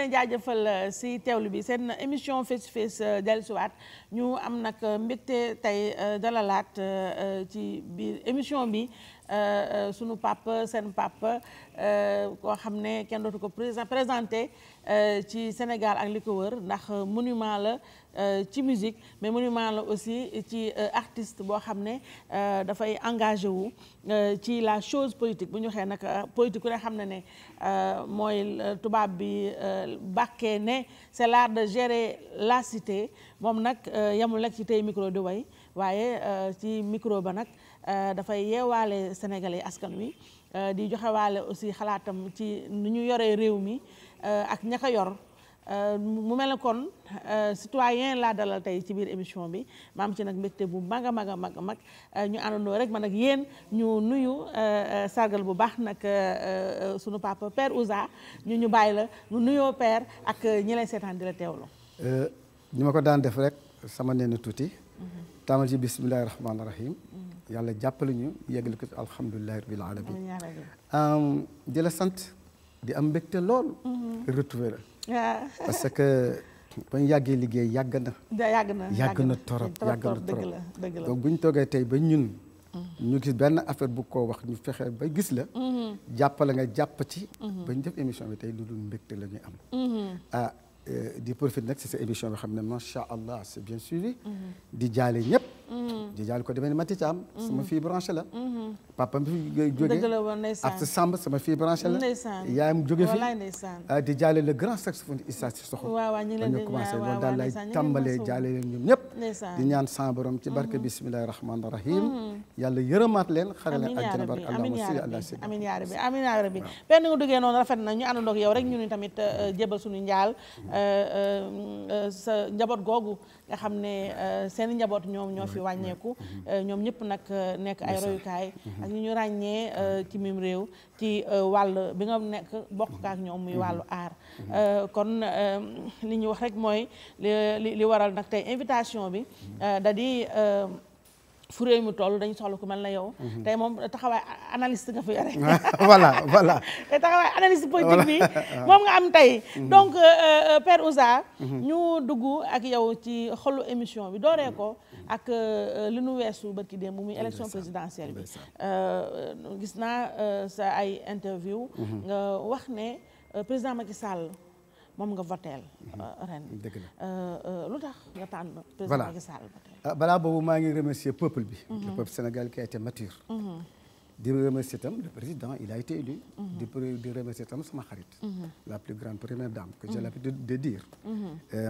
leen jaajëfal euh, si teewlu bi seen émission face to face euh, dellusiwaat ñu am nag mbégte tey euh, dalalaat ci biir émission bi sunu papa seen papa koo xam ne kenn dootu ko présenté ci Sénégal ak li ko wër ndax monument la. Euh, ci musique mais monument la aussi ci euh, artiste boo xam ne euh, dafay engagé wu ci la chose politique bu ñu waxee nag politique ku ne xam ne ne mooy tubaab bi bàkkee ne c'est l'art de la cité moom nag yamul nag ci tey micro di way waaye ci micro ba nag dafay yeewaale sénégalais askan wi di joxewaale aussi xalaatam ci nu ñu yoree réew mi ak ñaka yor Euh, mu mel ne kon euh, citoyen laa dalal tey ci biir émission bi maam ci nag mbégte bu mag a mag a mag a mag euh, ñu àndandoo rek ma ak yéen ñu nuyu sargal bu baax nag sunu papa père Ouza ñu ñu bàyyi la ñu nuyoo père ak ñi lay seetaan di la teewlu. ni ma ko daan def rek sama nee tuuti. taamal ci bismillahi rahmaani rahim. yàlla jàppale ñu yeggali ko alhamdulilahi rabbil alamin di la sant di am mbégte lool. Mhm. retrouvé la. parce que ba ñu yàggee liggéey yàgg na. yàgg na na torop yàgg na torop la donc bu ñu toogee tey ba ñun. Mm-hmm. ñu gis benn affaire bu ko wax ñu fexe ba gis la. Mm-hmm. jàppale nga jàpp ci. Mm-hmm. ba ñu def émission bi tey lu dul mbégte la ñuy am. ah euh, di profiter nag ci sa émission bi xam ne macha allah c'est bien suivi. di jaale ñëpp. Didial mm-hmm. ko demee ni Mati Thiam. sama mm-hmm. fille branché la. Mm-hmm. papam fi jóge Absa Samb sama fille branché la. yaayam jóge fi ah, di jaale le grand saxophone Issa Sissoko. waaw waaw ñu leen di commencé loolu daal lay tàmbalee jaale leen ñoom ñëpp. di ñaan sa borom ci barke bismillahi rahmaani rahim. yàlla yërëmaat leen xare leen àjjana barke allahumma salli ala sayyidina amiin yaa nga duggee noonu rafet na ñu àndandoo yow rek ñu ni tamit euh, euh, jébal suñu njaal euh, njaboot googu nga xam ne seen njaboot ñoom ñoo fi wàññeeku euh, ñoom ñëpp nag euh, nekk ay royukaay mm-hmm. ak ñu ñu ràññee euh, ci miim réew ci wàll bi nga nekk bokk kaak mm-hmm. ñoom muy mm-hmm. wàllu aar kon li ñu wax rek mooy li li waral nag tey invitation bi da di fu réew mi toll dañu soxla ko mel na yow. tey moom taxawaay analyste nga fi yore. voilà te taxawaay analyste politique bi moom nga am tey. donc Père Ouza. ñu dugg ak yow ci xolu émission bi dooree ak euh, euh, li nu weesu barki démb bu muy élection présidentielle bi euh, gis naa sa ay interview mhm. nga wax ne président Macky moom nga voteel mhm. ren dëgg la lu tax nga tànn président Macky ah, balaa boobu maa ngi remercier peuple bi mhm. le peuple sénégalais qui a été mature di remercier tam le président il a été élu di remercier tam sama xarit la plus grande première dame que j'ai l'habitude de dire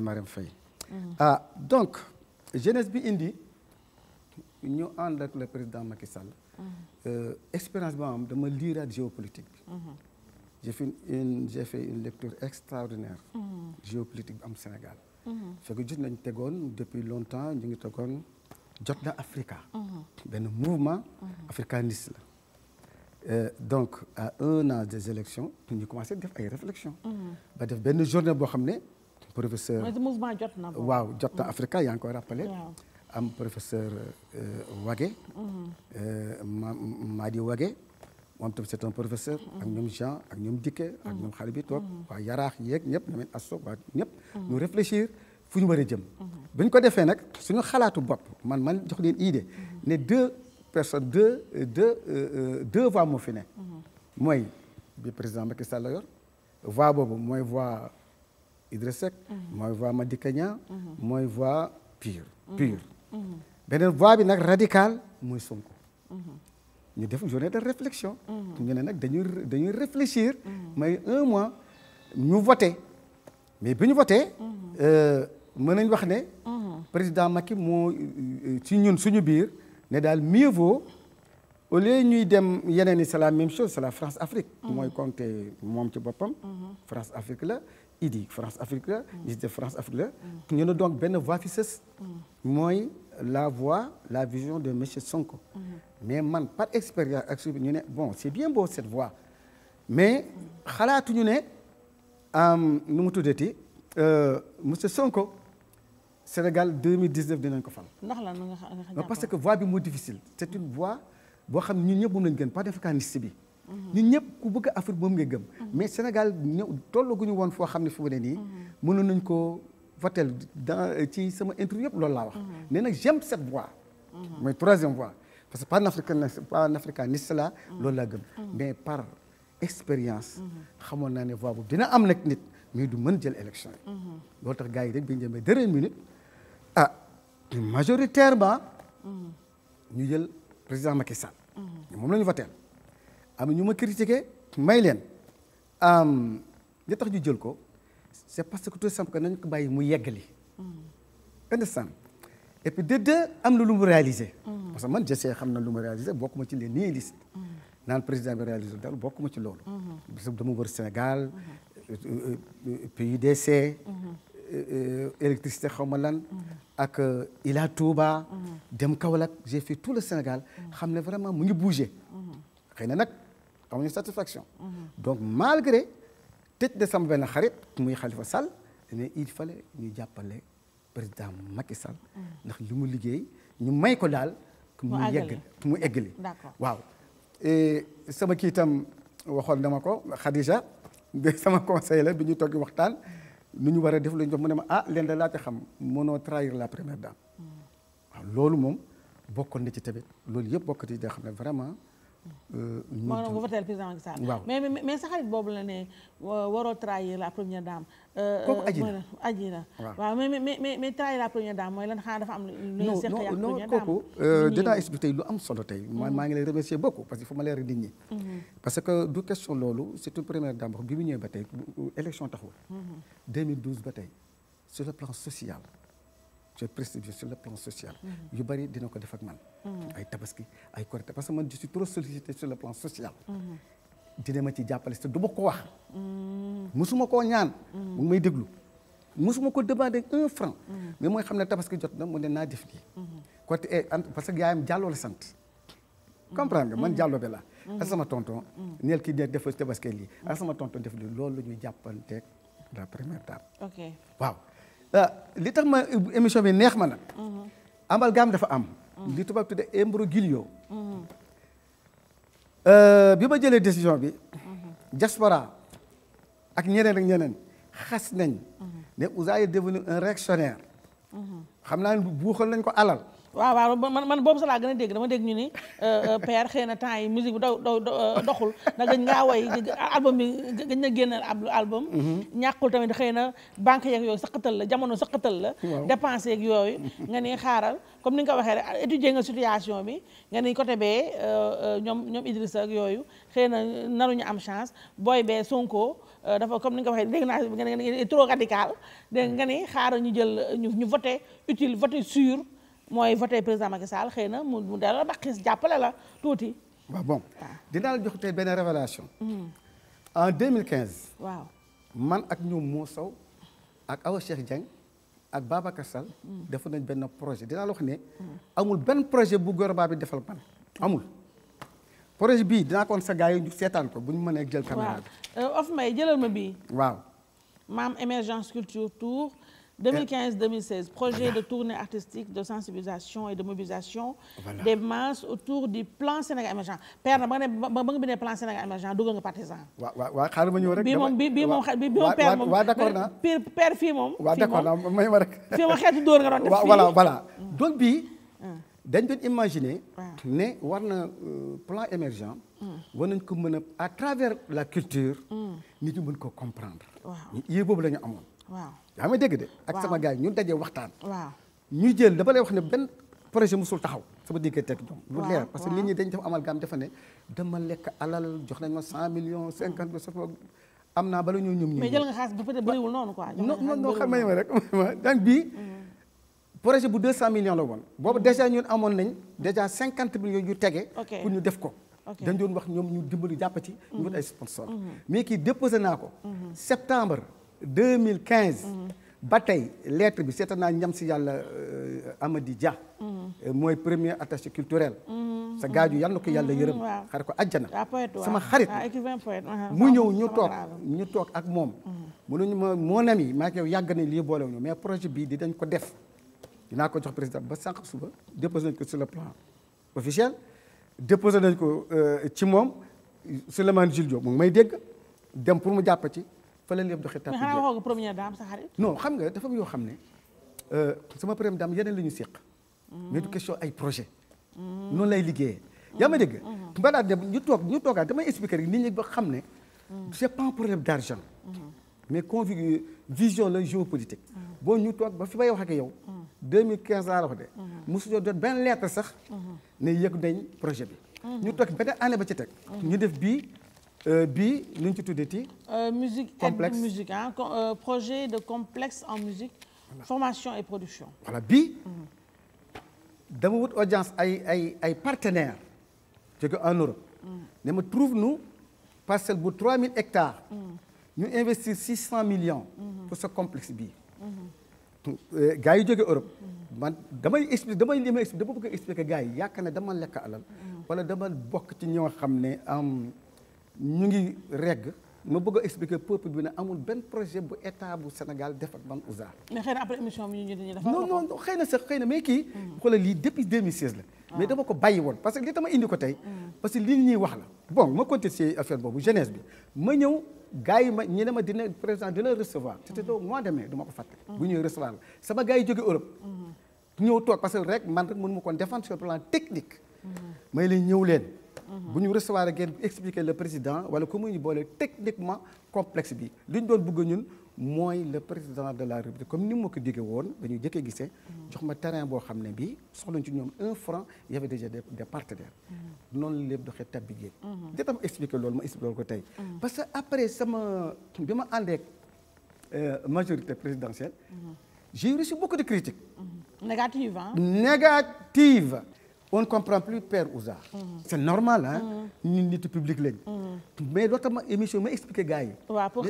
Marème Faye ah, jeunesse bi indi ñu ànd ak le président Macky mhm. euh, expérience bi ma am dama liiraat géopolitique bi. Mhm. j'ai fait une j'ai fait une lecture extraordinaire. Mhm. géopolitique bi am Sénégal. fekk jot nañ tegoon depuis longtemps jot na Africa. benn mouvement. africaniste la. Euh, donc à un an des élections ñu commencé def ay réflexions. ba def benn journée boo xam ne. professeur mooy mouvement jot na waaw jot na Africa yaa ngi koy rappelé. am professeur euh, Wage. Mm-hmm. Euh, ma Madi Wage moom tamit c'est un professeur. ak ñoom Jean ak ñoom Dikke. ak ñoom xale bi toog mm-hmm. waa yaraax yeeg ñëpp ñoom it asso waa ñëpp. Mm-hmm. ñu réfléchir fu ñu war a jëm. bu ñu ko defee nag suñu deux personnes deux euh, deux deux voix fi ne. mooy bi président Macky Sall la yor mooy voix. Idrissa Seck mhm. Mhm. mooy voix Madické Niang mhm. mooy voi pure pure beneen voix bi nag radical mooy Sonko ñu def journée de réflexion ñu ne nag dañuy dañuy réfléchir may un mois ñu vote mais bi ñu vote euh, mën nañ wax ne président Macky moo euh, euh, ci ñun suñu biir ne daal mieux vaut au lieu ñuy dem yeneen i c'est la même chose c'est la France Afrique mooy compté moom ci boppam France Afrique la il dit France Afrique la. Mm. il dit France Afrique la. ñu ne donc benn voix fi mm. mooy la voix la vision de monsieur Sonko. Mm. mais man par expérience ak suñu ñu ne bon c'est bien beau cette voix. mais xalaatuñu ne nu mu tuddati monsieur Sonko Sénégal 2019 dinañ ko fal. ndax lan nga parce que voix bi moo difficile. c'est une voix boo xam ñun ñëpp moom lañ gën pas d'africaniste bi. ñun ñëpp ku bëgg Afrique moom nga gëm. Mhm. mais Sénégal ñëw tollaguñu woon foo xam ne fi mu ne nii. Mhm. mënoon nañ ko votel dans ci sama interview yëpp loolu laa wax. nee mhm. nag j'aime cette voie. mooy troisième voie parce que panafricaniste panafricaniste la loolu laa gëm. mais par expérience. xamoon naa ne voie boobu dina am nag nit mais du mën jël élection yi. loolu tax gars yi rek bi ñu demee dernière minute ah majoritairement. ñu jël président Macky Sall. moom la ñu am ñu ma critiqué may leen li tax ñu jël ko c'est parce que tout simple que nañ ko bàyyi mu yeggali. Mm. understand et puis de deux am na lu mu réalisé. Mm. parce que man je sais xam na lu mu réalisé bokkuma ci les nihilistes. Mm. naan président bi réalisé daal bokkuma ci loolu. Mm-hmm. parce que dama wër Sénégal. Mm-hmm. Euh, euh, euh, PUDC. Mm-hmm. électricité xaw ma lan. ak Ila Touba. dem Kaolack j'ai fait tout le Sénégal. xam ne vraiment mu ngi bougé. xëy na nag. amuñu satisfaction. donc malgré tëj de sama benn xarit muy Khalifa Sall mais il fallait ñu jàppale président Macky Sall. ndax li liggéey ñu may ko daal. mu yeggali mu eggali waaw. sama kii itam waxoon dama ko Khadija de sama conseil la bi ñu toog waxtaan nu ñu war a def lu ñu def mu ne ma ah leen da laa ci xam mënoo trahir la première dame. Mm. loolu moom bokkoon na ci loolu yëpp bokk na ci xam ne vraiment. Euh, moo nga voteel président Macky Sall waaw mais mais xarit boobu la ne waroo trahir la première dame euh, kooku aji na aji na waaw mais mais mais la première dame mooy lan xanaa dafa am lu ñu seq première dame kooku euh, dinaa expliqué tey am solo tey ma mhm. maa ngi parce que ma leer nit ñi mhm. parce du question loolu c'est une première dame bi mu ñëwee ba tey élection taxul mhm. ba tey sur le plan social je prestige sur le plan social. Mm-hmm. yu bari dina ko def ak man. Mm-hmm. ay tabaski ay korite parce que man je trop sollicité sur le plan social. Mm-hmm. dina ma ci jàppale te du ma ko wax. musuma koo ñaan. mu ngi may déglu musuma ko demander un franc. mais mooy xam ne tabaski jot na mu ne naa def lii. korite eh, parce que yaayam jàlloo la sant. comprendre man jàllo be la ak sama tonton. neel kii a def tabaski lii ak sama tonton def lii loolu la ñuy la première dame. Euh, li tax ma émission bi neex ma nag. amalgame dafa am. li tubaab tudde imbroglio. Euh, bi ma jëlee décision bi. diaspora ak ñeneen ak ñeneen xas nañ. ne Ouza est devenu un réactionnaire. xam naa ne buuxal nañ ko alal. waaw waaw man man boobu sa laa gën a dégg dama dégg ñu ni euh, euh, père xëy na temps yi musique bi do euh, doxul na gëj nga woy album bi gëj na génnal ab album mhm. ñàkkul tamit xëy na banque yeeg yooyu saqatal la jamono saqatal la dépense yeeg yooyu nga ni xaaral comme ni nga ko waxee rek étudier nga situation bi nga ni côté bee ñoom ñoom Idrissa ak yooyu xëy na ñu am chance booy bee Sonko dafa comme ni nga waxee dégg naa nga ne trop radical dégg nga ni xaaral ñu jël ñu vote utile voté sûr mooy voté président Macky Sall xëy na mu mu delloo ba xis jàppale la tuuti. waaw bon dinaa la jox tey benn révélation hmm. en 2015. waaw man ak ñoom moo saw ak Awa Cheikh Dieng ak Babacar Sall. Hmm. defu nañ benn projet dinaa la wax ne. Hmm. amul benn projet bu gouvernement bi defal man amul. projet bii dinaa ko woon sa gars yi ñu seetaan ko bu ñu mënee jël caméra bi. waaw euh, of may jëlal ma bii. waaam maam émergence culture tour projet de tournée artistique de sensibilisation et de mobilisation. Voilà. des masses autour du plan Sénégal émergent. père na ba nga ne ba nga bindee plan Sénégal émergent dugal nga partisan. waaw waaw ma ñëw rek. bii moom bii bii moom bii moom père moom. waaw d'accord naa may ma rek. fii moom xeetu dóor nga doon def fii. voilà voilà donc dañ doon imaginer. ne war na euh, plan émergent. Mm. war nañ ko mën a à travers la culture. Mm. nit ñi mën ko comprendre. waaw yéen boobu la ñu amoon. waaw yaa may dégg de. ak sama gars ñu ñun dajee waxtaan. waaw ñu jël dama lay wax ne benn projet musul taxaw. sama diggante ak ñoom. lu leer parce que nit ñi dañ def amalgame dafa ne dama lekk alal jox nañ ma cent million cinquante millions. Mm. am naa bala ñoo ñoom ñu. mais jël nga xaalis bu peut être bëriwul noonu ko non non non xam nga rek daan bii. projet bu 200 millions la woon. boobu déjà ñun amoon nañ déjà 50 millions yu tege. pour ñu def ko. dañ wax ñoom ñu dimbali jàpp ci. ñu wut ay sponsor mhm. mhm. mais kii déposé naa ko. Mhm. septembre ba tey lettre bi seetal naa ñam si yàlla euh, Amady ja euh, mooy premier attaché culturel. sa gaaju yàlla na ko yàlla yërëm. xar ko àjjana. Ah, sama xarit ah, ah, mu ñëw ñu toog ñu toog ak moom. mënuñu ma mon ami maa ngi yow yàgg na lii boolewuñu mais projet bii di dañ ko def. dinaa ko jox président ba sànq suba déposé nañ ko sur le plan officiel déposé nañ ko euh, ci moom Souleymane Jules Diop mu ngi may dégg dem pour mu jàpp ci fa la lépp doxee. tàpp mais xanaa waxoo sa xarit. xam nga dafa yoo xam ne euh, sama première dame yeneen la ñu séq. Mm-hmm. mais du ay projet mm-hmm. noonu lay liggéeyee. yaa ma dégg. mbaa mm-hmm. daal ñu toog ñu toogaat damay expliquer rek nit ñi ba xam ne. c'est pas un d'argent. mais convigu vision la géopolitique. Ah. boo ñu toog ba fi may wax ak yow. 2015 ah. laa la wax de. Ah. mosu jot benn lettre sax. ne yëg nañ projet bi. ñu toog benn anne ba ci teg. ñu def bii euh, bi nu ñu ci ti euh, musique complexe aide musique ah projet de complexe en musique. formation et production. voilà bi dama wut audience ay ay ay partenaires. jóge en Europe. ne ma trouve nu parcelle bu 3000 hectares. Mm. ñu investir six cent millions. Mhm. pour ce complexe bi mhm. euh, gars yi jógee Europe. man damay expliquer damay li may expliquer dama bëgg a yi yaakaar ne dama lekk alal. Mhm. wala dama bokk ci ñoo xam ne ñu ngi regg. ma bëgg a expliquer peuple bi ne amul benn projet bu état bu Sénégal def ak ban Ouza. mais xëy na après émission bi ñu dañuy def. non non xëy na sax xëy na mais kii. xoolal lii depuis 2016 la. Ah. mais dama ko bàyyi woon parce que li dama indi ko tey. parce que li ñuy wax la. bon ma continuer ci affaire bi gars yi ma ñi ma dina président dina recevoir c'était au mois de du ma ko fàtte bu ñuy recevoir la sama gars yi jóge Europe mhm. ñëw toog parce que rek man rek mënu ma koon défendre sur le plan technique mhm. may leen bu ñu recevoir ngeen expliquer le président wala ku muy boole techniquement complexe bi li ñu doon bëgg ñun mooy le président de la République comme ni ma ko diggee woon dañuy jëkkee gisee. jox ma terrain boo xam ne bii soxlañ ci ñoom un franc y avait déjà des des partenaires. noonu la lépp doxee tab tam expliqué loolu ma expliqué loolu ko tey. parce que après sama bi ma àndeek euh, majorité présidentielle. j'ai reçu beaucoup de critiques. négatives on ne comprend plus Père Ouza. c' est normal ah. ñun nitu public lañ. mais loo tax ma émission ma expliqué gars yi. waaw pour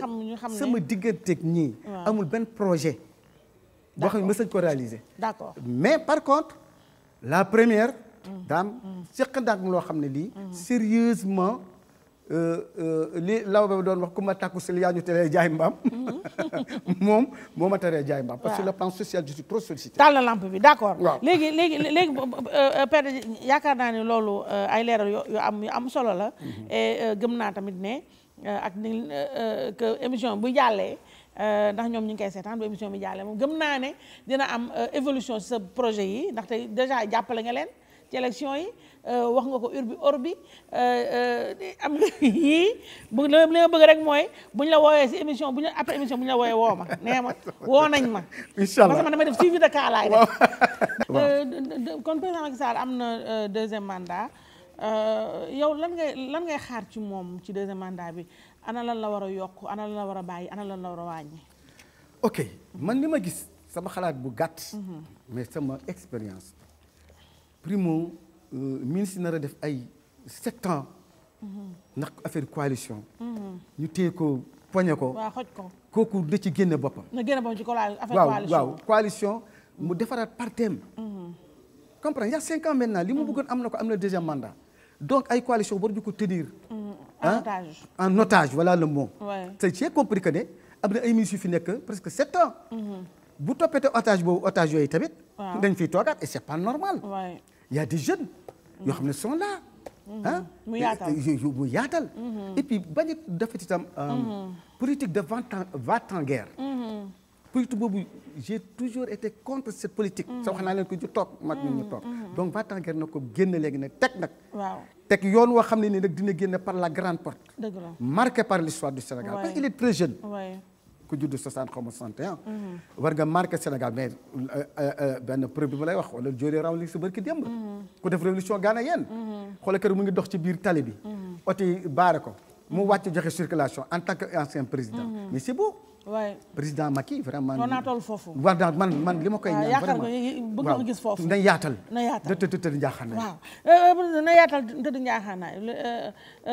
amul benn projet. boo xam ne ko réaliser. d' accord mais par contre la première. daam seqandaag loo xam ne lii. sérieusement. li lawbe ba doon wax ku ma tàkku si li yaa ñu teree jaay mbaam mm-hmm. moom moo ma teree jaay mbaam. parce que le plan social je suis trop sollicité. taal la lampe bi d' accord. waaw léegi léegi léegi euh, euh, Père yaakaar naa ne loolu euh, ay leeral yu am yu am solo la. Mm-hmm. et gëm naa tamit ne ak ni que émission bu jàllee. ndax ñoom ñu ngi koy seetaan bu émission bi jàllee moom gëm naa ne dina am évolution ci sa projet yi ndaxte déjà jàppale nga leen ci élection yi. Euh, wax nga ko urbi orbi euh, euh, am nga yii bu li ma bëgg rek mooy buñ la wooyee si émission bu ñu après émission bu ñu la wooyee woo ma nee ma woo nañ ma. incha allah parce que ma def suivi de cas laay def. kon président Macky am na deuxième mandat yow lan ngay lan ngay xaar ci moom ci deuxième mandat bi ana lan la war a yokk ana lan la war a bàyyi ana lan la war a wàññi. ok man li ma gis sama xalaat bu gàtt. Mhm. mais sama expérience Euh, ministre nar a def ay sept ans ndax affaire coalition ñu téye ko poñe ko waaw xoj ko kooku ci génne boppam na génne boppam ci affaire coalition mu defaraat parteem mhm. comprendre il y a cinq ans maintenant li mu mhm. bëggoon am na ko am na deuxième mandat donc ay coalition war ñu ko tenir mhm. en ah? otage en otage voilà le mot te j'ai compris que ne am na ay ministres yu fi nekk presque sept ans bu toppatee otage boobu otage yooyu tamit dañ fiy toogaat et c'est pas normal il des jeunes yoo xam ne sont là. ah mu yaatal mu mm-hmm. yaatal. et puis bañ a defati tam euh, mm-hmm. politique de va tan en guerre politique boobu j'ai toujours été contre cette politique. sa wax naa leen ko ju toog mag ñun ñu toog. donc va-t-en-guerre na ko génn léegi nag teg nag. waaw teg yoon woo xam ne ni nag dina génn par la grande porte. dëgg par l'histoire du Sénégal. parce est très jeune. ku judd 60 xaw ma 61. Mm-hmm. war nga marqué Sénégal mais euh, euh, euh, benn preuve bi ma lay wax wala jóore raw li si barki démb. Mm-hmm. ku def révolution gaana yéen. Mm-hmm. xoola kër mu ngi dox ci biir tali bi. oto yi baare ko mu wàcc joxe circulation en tant que ancien président. mais c'est beau. waay président Macky vraiment. war naa toll war naa man man koy.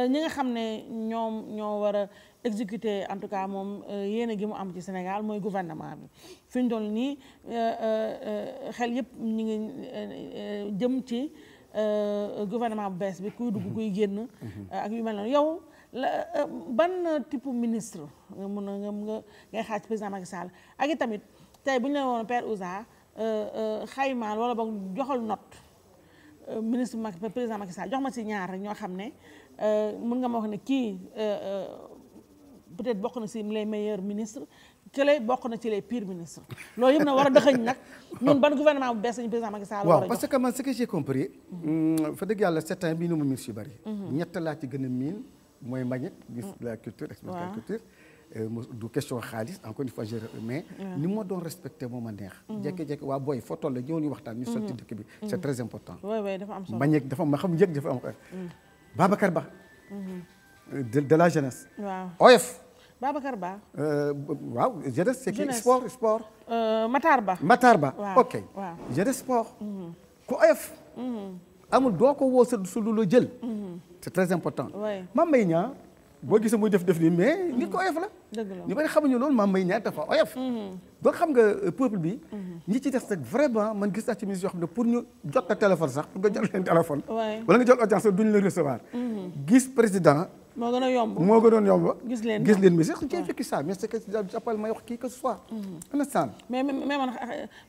ñaan nga xam ne ñoom ñoo a. exécuté en tout cas moom euh, yéen a gi mu am ci Sénégal mooy gouvernement bi fi ñu doon nii euh, euh, xel yëpp ñu ngi jëm ci gouvernement bu bees bi kuy dugg kuy génn. Mhm. ak yu mel noonu yow la ban type ministre nga mun a nga ngay xaaj président Macky Sall ak i tamit tey bu ñu la woon Père Ousa xaymaal wala boog joxal note ministre Macky président Macky Sall jox ma si ñaar rek ñoo xam ne mun nga ma wax ne kii. peut-être bokk na si les meilleurs ministres kële bokk na ci les pires ministres loolu yëpp na war a dëxëñ nag ñun ban gouvernement bu bees lañu président Macky Sall waaw parce que man ce que j'ai compris mm, fa dëgg yàlla certain bii nu mu miin si bëri mhm. ñett laa ci gën a miin mooy Mbagnick ministre mhm. euh, ni ma doon respecté moo ma neex mhm. jékki-jékki waa booy foo toll ñëw ñu waxtaan ñu solti dëkk bi c'est très important Mbagnick dafa ma xam yëg dafa am Babacar Ba euh, Babacar Ba. Euh, waaw jeunesse c'est qui sport sport. Euh, Matar Ba Matar Ba. ok waaw sport. Mhm. ku oyof. Mhm. amul doo ko woo sa lu la jël. Mhm. c'est très important. oui Mame Mbaye boo gisee muy def def nii mais mm-hmm. nit ko oyof la ñu bari xamuñu loolu maam may ñaar dafa oyof donc mm-hmm. xam nga euh, peuple bi mm-hmm. ñi ci des vraiment man gis naa ci ministre yoo a téléphone sax pour nga jot leen téléphone wala nga jot audience sax duñu gis président moo gën a yomb moo gënoon yomb gis leen gis leen mais c'est j'ai mais c'est que j'appelle may wax kii que ce soit understand mais mais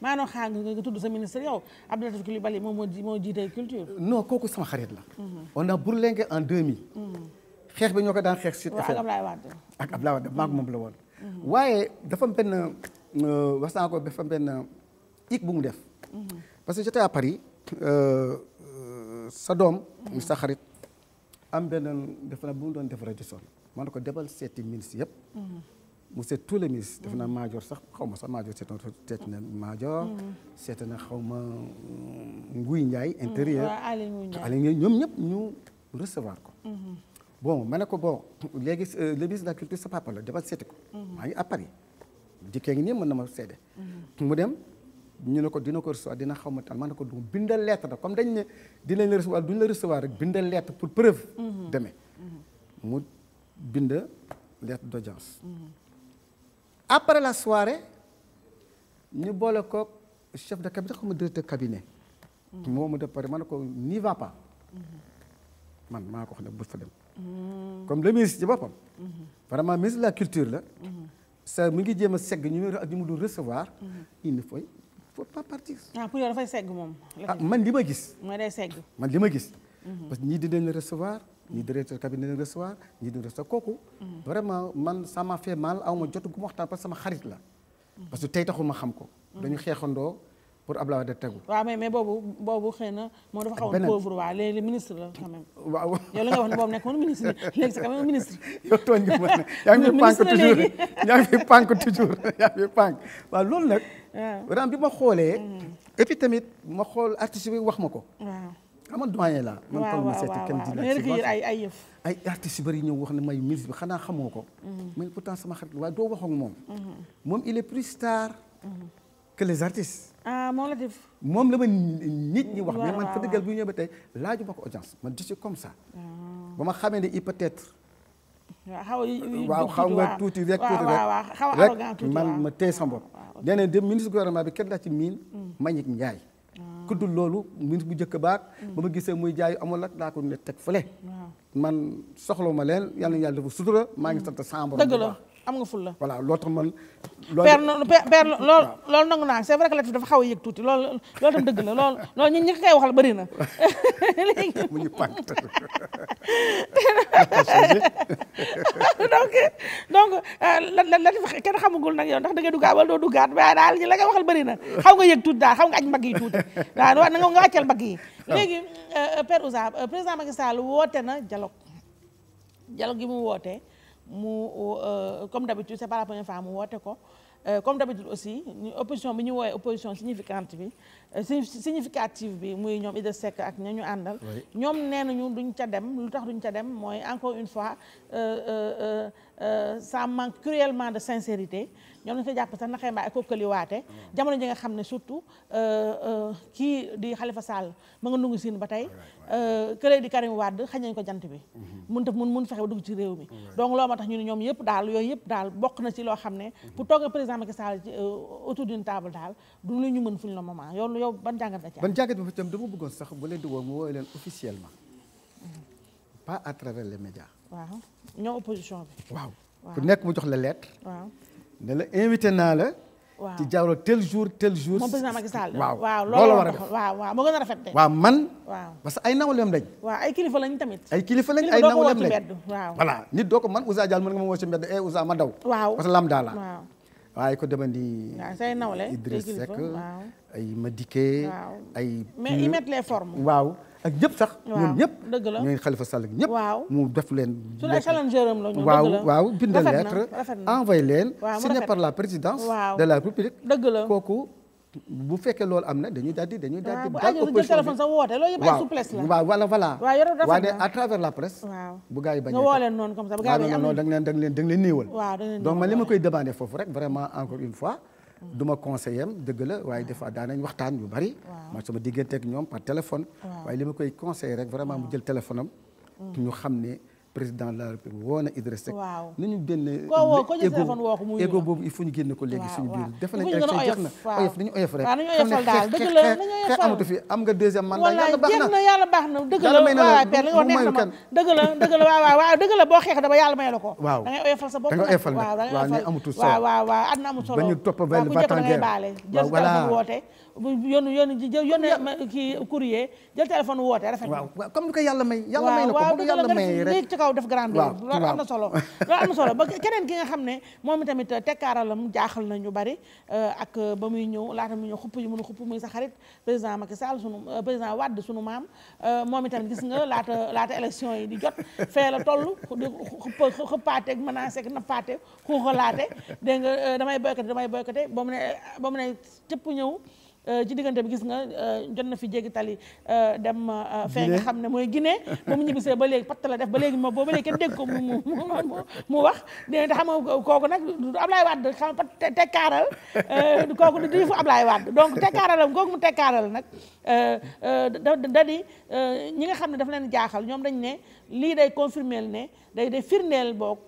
man euh, xaar nga tudd sa ministre yow Abdou Latif Coulibaly moom moo moo culture non kooku sama xarit la on a bourlingué en 2000 xeex bi ñoo ko daan xeex si. waaw ak Ablaye Wade ak Ablaye Wade moom la woon. waaye dafa am benn euh, wax be ko benn hic bu mu def. parce que j'étais à Paris euh, sa doom. mu sa xarit am benn defe naa bu mu doon def rajo son ma ko debal seeti ministre yëpp. mu seet tous les ministres def na Major sax xaw ma sax Major seet na seet Major. seet na xaw ma euh, Nguy Ndiaye. intérieur Aliou ñoom ñëpp ñu recevoir ko. bon ma ne ko bon léegi euh, le ministre de sa papa la demal seeti ko. Mhm. maa ngi à Paris ngi nii mën na ma seede. Mhm. mu dem ñu ne ko dina ko recevoir dina xaw ma tal ma ne ko du bindal lettre nag comme dañ ne dinañ la recevoir duñ la recevoir rek bindal pour preuve. Mhm. demee mu bind lettre d'audience. après la soirée ñu boole ko chef de cabinet xam nga directeur cabinet. moo mu de pare ma ko n'y va man maa ko xam ne fa dem. comme le ministre ci la culture la. sa mu ngi jéem a segg ñu ak ñu mu dul recevoir. il ne faut faut pas partir. Ah, ah, man li ma gis. mooy day segg man li ma gis. parce que ñii dinañ la recevoir. ñii directeur cabinet dinañ recevoir ñii dinañ recevoir kooku. vraiment man ça m'a mal aw jot gu ma sama xarit la. parce que tey taxul ma xam ko. dañu xeexandoo. pour Abdoulaye Wade tegu. waaw mais mais boobu boobu xëy na moo dafa xawoon pauvre waa léegi ministre la quand même. waaw yow li nga wax ne boobu nekkoon ministre léegi c'est quand même ministre. yow tooñ nga mën yaa ngi fi pànk toujours yaa ngi fi pànk toujours yaa ngi fi pànk ma xoolee. Hmm. et puis tamit ma xool artiste bi wax ma ko. waaw xam nga toog ma may ministre bi xanaa xamoo ko. Hmm. man pourtant waaye doo wax moom. Hmm. moom il est star que les ah moom la def la ma nit ñi wax. mais man fa dëggal bu ñëwee ba tey laaju ma ko audience man je suis comme ça. Ah. ba ma xamee ne il peut être. waaw xaw nga tuuti rek tuuti rek man ma téye sa bopp. nee dem ministre gouvernement bi kenn daa ci miin. Mbagnick mm. Ndiaye. Ah. ku dul loolu ministre bu njëkk baak mm. ba ma gisee muy jaayu amul ak laa ko ne teg fële. man soxla ma leen yàlla na yàlla dafa sutura maa ngi mm. sant sa borom. am nga fulla voilà loo tax man. loolu père père loolu loolu nangu naa c'est vrai que latif dafa xaw a yëg tuuti loolu loolu tam dëgg la loolu loolu ñun ñi koy waxal bëri na. léegi mu donc euh, latif kenn xamagul nag yow ndax da nga duggaat wala doo duggaat waaye daal la nga waxal bëri xaw nga yëg tuuti daal xaw nga aj mbagg yi tuuti daal waaw nga wàccal mbagg yi. léegi euh, euh, père Ouza président Macky Sall woote na dialogue dialogue gi mu wootee. mu euh, comme d'habitude c'est pas la première fois mu woote ko euh, comme d'habitude aussi opposition bi ñuy woowee opposition significante bi euh, significative bi muy ñoom Idda Seck ak ña ñu àndal ñoom nee nañu duñ ca dem lu tax duñ ca dem mooy encore une fois ça manque cruellement de sincérité ñoom dañu sa jàpp sax naxee mbaa mm-hmm. jamono ji nga xam ne surtout euh, euh, kii di Khalifa saal ma nga nungu siin ba tey euh, kële di Karim Wade xañ nañ ko jant bi mm-hmm. mun taf mun mun fexe ba dugg ci réew mi donc loo ma tax ñu ne ñoom yëpp daal yooyu yëpp daal bokk na ci ne pour mm-hmm. toogee président Macky Sall autour daal du lu ñu mën fuñ la moment yow yow ba jàngat la ci ban jàngat bi tam dama bëggoon sax bu leen di woo mu wooyu leen officiellement pas à nekk mu jox la lettre waaw ne la invité naa la. waaw ci jaaroo tel jour tel jour. moom président Macky Sall waaw waaw loolu war a waaw waaw rafet de. man. waaw parce que ay nawleem lañ. waaw ay kilifa lañ tamit. ay kilifa lañ ay nawleem lañ waaw. voilà nit doo ko man Ousa Diall mën nga ma woo ci mbedd eh Ousa ma daw. waaw parce lam daala. waaw waaye ko demandi. waaw say nawle ay Madické. waaw ay mais ils mettent waaw. ak ñëpp sax ñoom ñëpp ñooy Khalifa Sall ak ñëpp mu def leen waaw waaw bind lettre envoyé leen signé par la présidence de la kooku bu fekkee loolu am na dañuy daal di dañuy daal di daal opposition téléphone sax woote loolu yëpp ay souplesse la waaw voilà voilà waaye de à travers la presse bu gars yi bañ woo leen noonu comme ça bu gars yi ah, leen da leen néewal donc man li ma koy demandé foofu rek vraiment encore une fois du ma conseiller am dëgg la waaye des fois daanañ waxtaan yu bari. man sama diggante ak ñoom par téléphone. waaye li koy conseiller rek vraiment jël téléphone am. Mm. ñu xam ne. président de la république woo na Idriss waaw nu génne. koo woo ko jël téléphone woo ko muy égo boobu il faut ñu génne ko léegi suñu biir. def nañu oyof rek. daal la nañu na wala yàlla baax na dëgg la waaw père li la dëgg la waaw waaw dëgg la boo xeex dama yàlla may la ko. waaw da ngay oyofal sa bopp nag waaw da ngay oyofal waaw waaw yónni yónni yónni kii courrier jël téléphone woote rafet waaw comme ni ko yàlla may yàlla may na ko bu ko yàlla may rek ci kaw def grande loolu am na solo loolu am na solo ba keneen ki nga xam ne moom tamit tekkaaralam jaaxal na ñu bari euh, ak euh, ba muy ñëw laata muy ñëw xupp yi mënu xupp muy sa xarit président Macky Sall sunu euh, président Wade sunu maam moom itamit gis nga laata laata élection yi di jot fee la toll di xëppaate ak menacé ak nappaate xuuxalaate dégg nga damay boycotté damay boycotté ba mu ne ba mu ne cëpp ñëw Euh, ci diggante bi gis nga euh, jot na fi jéggi tali euh, dem fee nga xam ne mooy Guinée ba mu ñibbisee ba léegi patt la def ba léegi ma booba léegi kenn dégg ko mu mu wax ne xam nga kooku nag du tekkaaral kooku du yëfu Ablaye Wade donc tekkaaralam mu tekkaaral nag da da di ñi nga xam ne daf leen jaaxal ñoom dañ ne lii day confirmer ne day day firndeel boog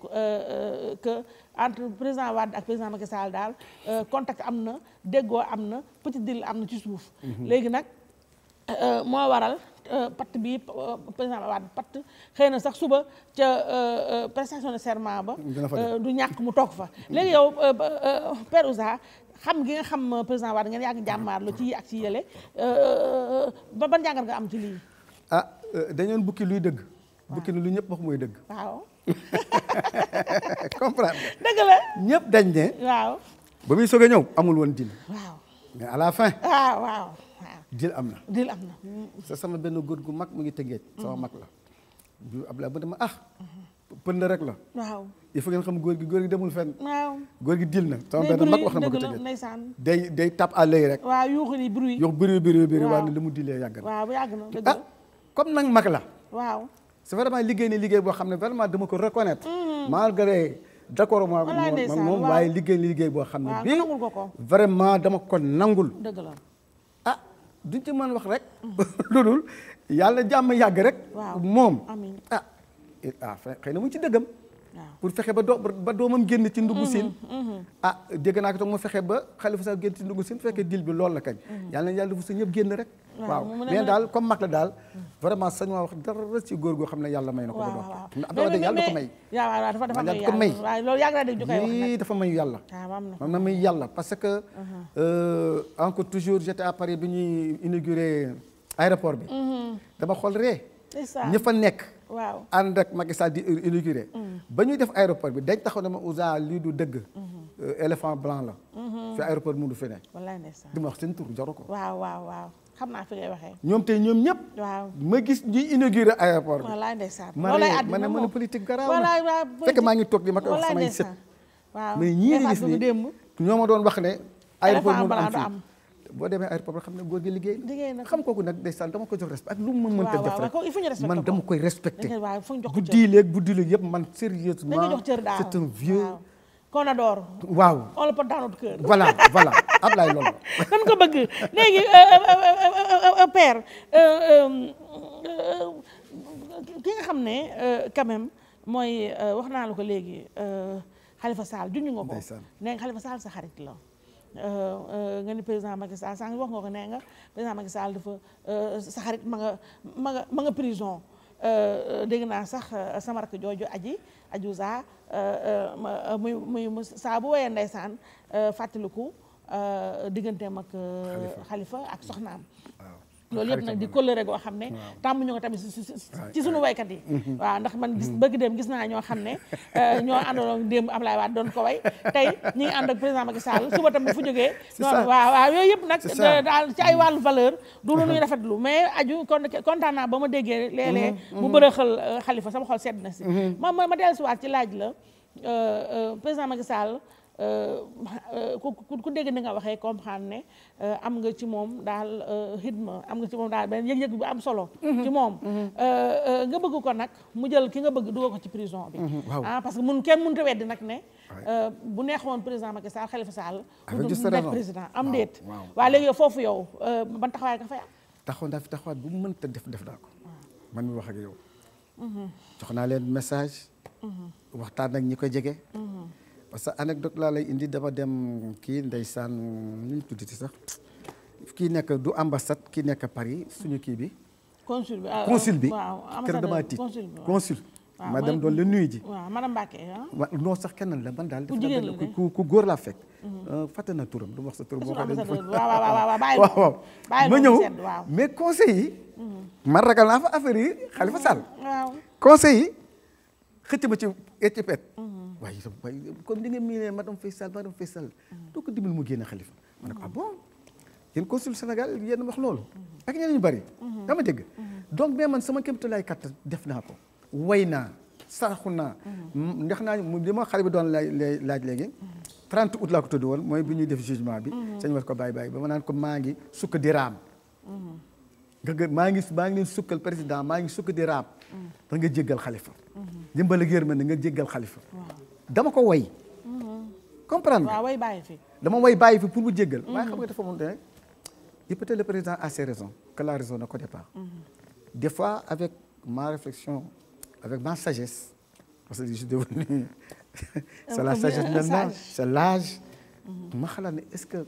entre président Wade ak président Macky Sall daal euh, contact am na déggoo am na petit deal am na ci suuf. Mhm. léegi nag euh, moo waral euh, patt bi président Wade patt xëy na sax suba ca prestation de serment ba. du ñàkk mu toog fa. léegi yow Père Ousa xam gi nga xam président Wade ngeen yàgg jàmmaarloo ci yi ak ci yële ba ban jàngat nga am ci lii. ah dañoon bukki luy dëgg. bukki ni lu ñëpp wax mooy dëgg. waaw. comprendre dëgg la ñëpp dañ ne. waaw. ba muy soog ñëw amul woon dil. waaw mais à la fin. Ah, waaw dil am na. dil am na. sa sama benn góor gu mag mu ngi tëngeej. sama mag la. bu Abdoulaye ba dama ah. pënd rek la. waaw il faut ngeen xam góor gi góor gi demul fenn. góor gi dil na. sama benn mag wax na ma ko tëngeej day day tap à l'œil rek. waaw yuuxu ni bruit. yuuxu bruit bruit bruit ne li mu dilee yàgg na. waaw yàgg na ah comme nag mag la. c'est vraiment liggéey ni liggéey boo xam ne vraiment dama ko reconnaître mm-hmm. malgré d'accord ma moom waaye liggéey ni liggéey boo xam ne bii vraiment dama ko nangul ah duñ ci mën wax rek lu dul yàlla jàmm yàgg rek moom ah ah xëy na mu ngi ci dëggam pour fexe ba doo ba doomam génn ci ndugg siin mm-hmm, mm-hmm. ah dégg naa ko toog ma fexe ba xalifa sax génn ci ndugg siin fekkee dil bi lool la kañ yàlla na yàlla dafa sa ñëpp génn rek waaw mais daal comme mag la daal vraiment sañ ma wax dara ci góor goo xam ne yàlla may na da ko may waaw dafa dafa may ko may loolu yàgg naa dégg ñu koy wax yii dafa mayu yàlla mam ah, na may yàlla parce que uh-huh. euh, encore toujours j'étais à bi ñuy inauguré aéroport bi mm-hmm. dama xool ree ñi fa nekk waaw ànd ak di inauguré mm. ba ñuy def aéroport bi dañ taxaw ne ma ousa lii du dëgg mm-hmm. euh, éléphant blanc la mm-hmm. fi aéroport mu du fi di ma wax seen tur jaru ko xam naa fi ngay waxee. ñoom te ñoom ñëpp. waaw ma gis ñuy inauguré aéroport bi. wallaay ndeysaan wallaay àddina moom ma ne politique garaaw na fekk maa ngi toog di ma koy wax samay sët. waaw ñoo ma doon wax ne. aéroport moom am fii boo demee aéroport bi xam ne góor gi liggéey na. na xam kooku nag ndeysaan dama ko jox respect lu mu def man dama jox ko cër guddi léeg guddi léeg yëpp man sérieusement c'est un vieux qu'on adore. waaw on le porte dans notre cœur. voilà voilà Ablaye loolu. nan ko bëgg léegi père ki nga xam ne euh, quand même mooy euh, wax naa la ko léegi euh, Khalifa Sall junj nga ko. nee nga Khalifa Sall sa xarit la. nga ni président Macky Sall sànq wax nga ko nee nga président Macky Sall dafa sa xarit ma nga ma nga ma nga prison dégg naa sax sama rakk jooju aji. Adiouza euh, euh, euh, muy muy saa bu woyee ndeysaan fàttaliku digganteem ak xalifa ak soxnaam loolu yëpp nag di kóllëre goo xam ne tàmm ñu ko tamit ci suñu waykat yi mm-hmm. waa ndax man gis mm-hmm. bëgg dem gis naa ñoo xam ne euh, ñoo àndaloon démb Ablaye Wade doon ko way tey ñi ngi ànd ak président Macky Sall suba tam bu fu jógee noonu waa waaw yooyu yëpp nag daal ci ay mm-hmm. wàllu valeur du lu ñuy lu mais aju kontaan naa ba ma déggee léeg-léeg bu bërëxal xalifa euh, sama xol sedd na si ma ma ma dellusiwaat ci laaj la euh, président Macky Sall Euh, ku ku dégg ni nga waxee comprendre ne euh, am nga ci moom daal xidma euh, am nga ci moom daal benn yëg-yëg bu solo. Mhm. ci moom. Mhm. nga bëgg ko nag mu jël ki nga bëgg dugal ko ci prison bi. Mhm, ah parce que mun kenn mënut a weddi nag ne. bu neexoon président Macky Sall Khalifa Sall. du ah, nekk président am déet. waaw léegi yow foofu yow ban taxawaay nga fay am. taxaw naa fi taxawaat bu mu mënta def def naa ko. man mi wax yow. jox naa leen message. waxtaan ak ñi ko jege. parce que anecdote laa lay indi dama dem kii ndeysaan nu ñu tudditi sax kii nekk du ambassade kii nekk Paris suñu kii bi. consul bi ah, ah, consul bi keroog damaa tiit consul. ma dem doon la nuyu ji. waaw ah. kenn la man daal. ku ku ku laa fekk. Mhm. Euh, fàtte turam du ma wax boo. xam ne waaw ma ñëw mais conseil mhm. man ragal naa fa affaire yi Khalifa Sall. conseil yi xëcc ci étiquette. Mhm. waaye itam waaye comme di nga miinee madame Faye Sall madame mm-hmm. doo ko dimbali mu génn xalifa ma ne ko mm-hmm. ah bon yéen consul Sénégal yéen wax loolu mm-hmm. ak ñeneen ñu bari dama dégg donc mais man sama kéemtalaay kattan def naa ko way naa saraxu naa ndax naa li ma xale bi doon laaj laaj léegi 30 août laa ko tudd woon mooy bi ñuy def jugement bi sañ war ko bàyyi bàyyi ba ma naan ko maa ngi sukk di raam nga maa ngi maa ngi leen sukkal président maa ngi sukk di raam da nga jéggal xalifa jëmbal ak yërmande nga jéggal dama ko way comprendre nga way bàyyi fi dama way bàyyi fi pour mu jéggal waaye xam mhm. le président a ses raisons que la raison ne connaît pas mhm. des fois avec ma réflexion avec ma sagesse parce que je suis devenu c'est la sagesse maintenant c'est l'âge mhm. ma est-ce que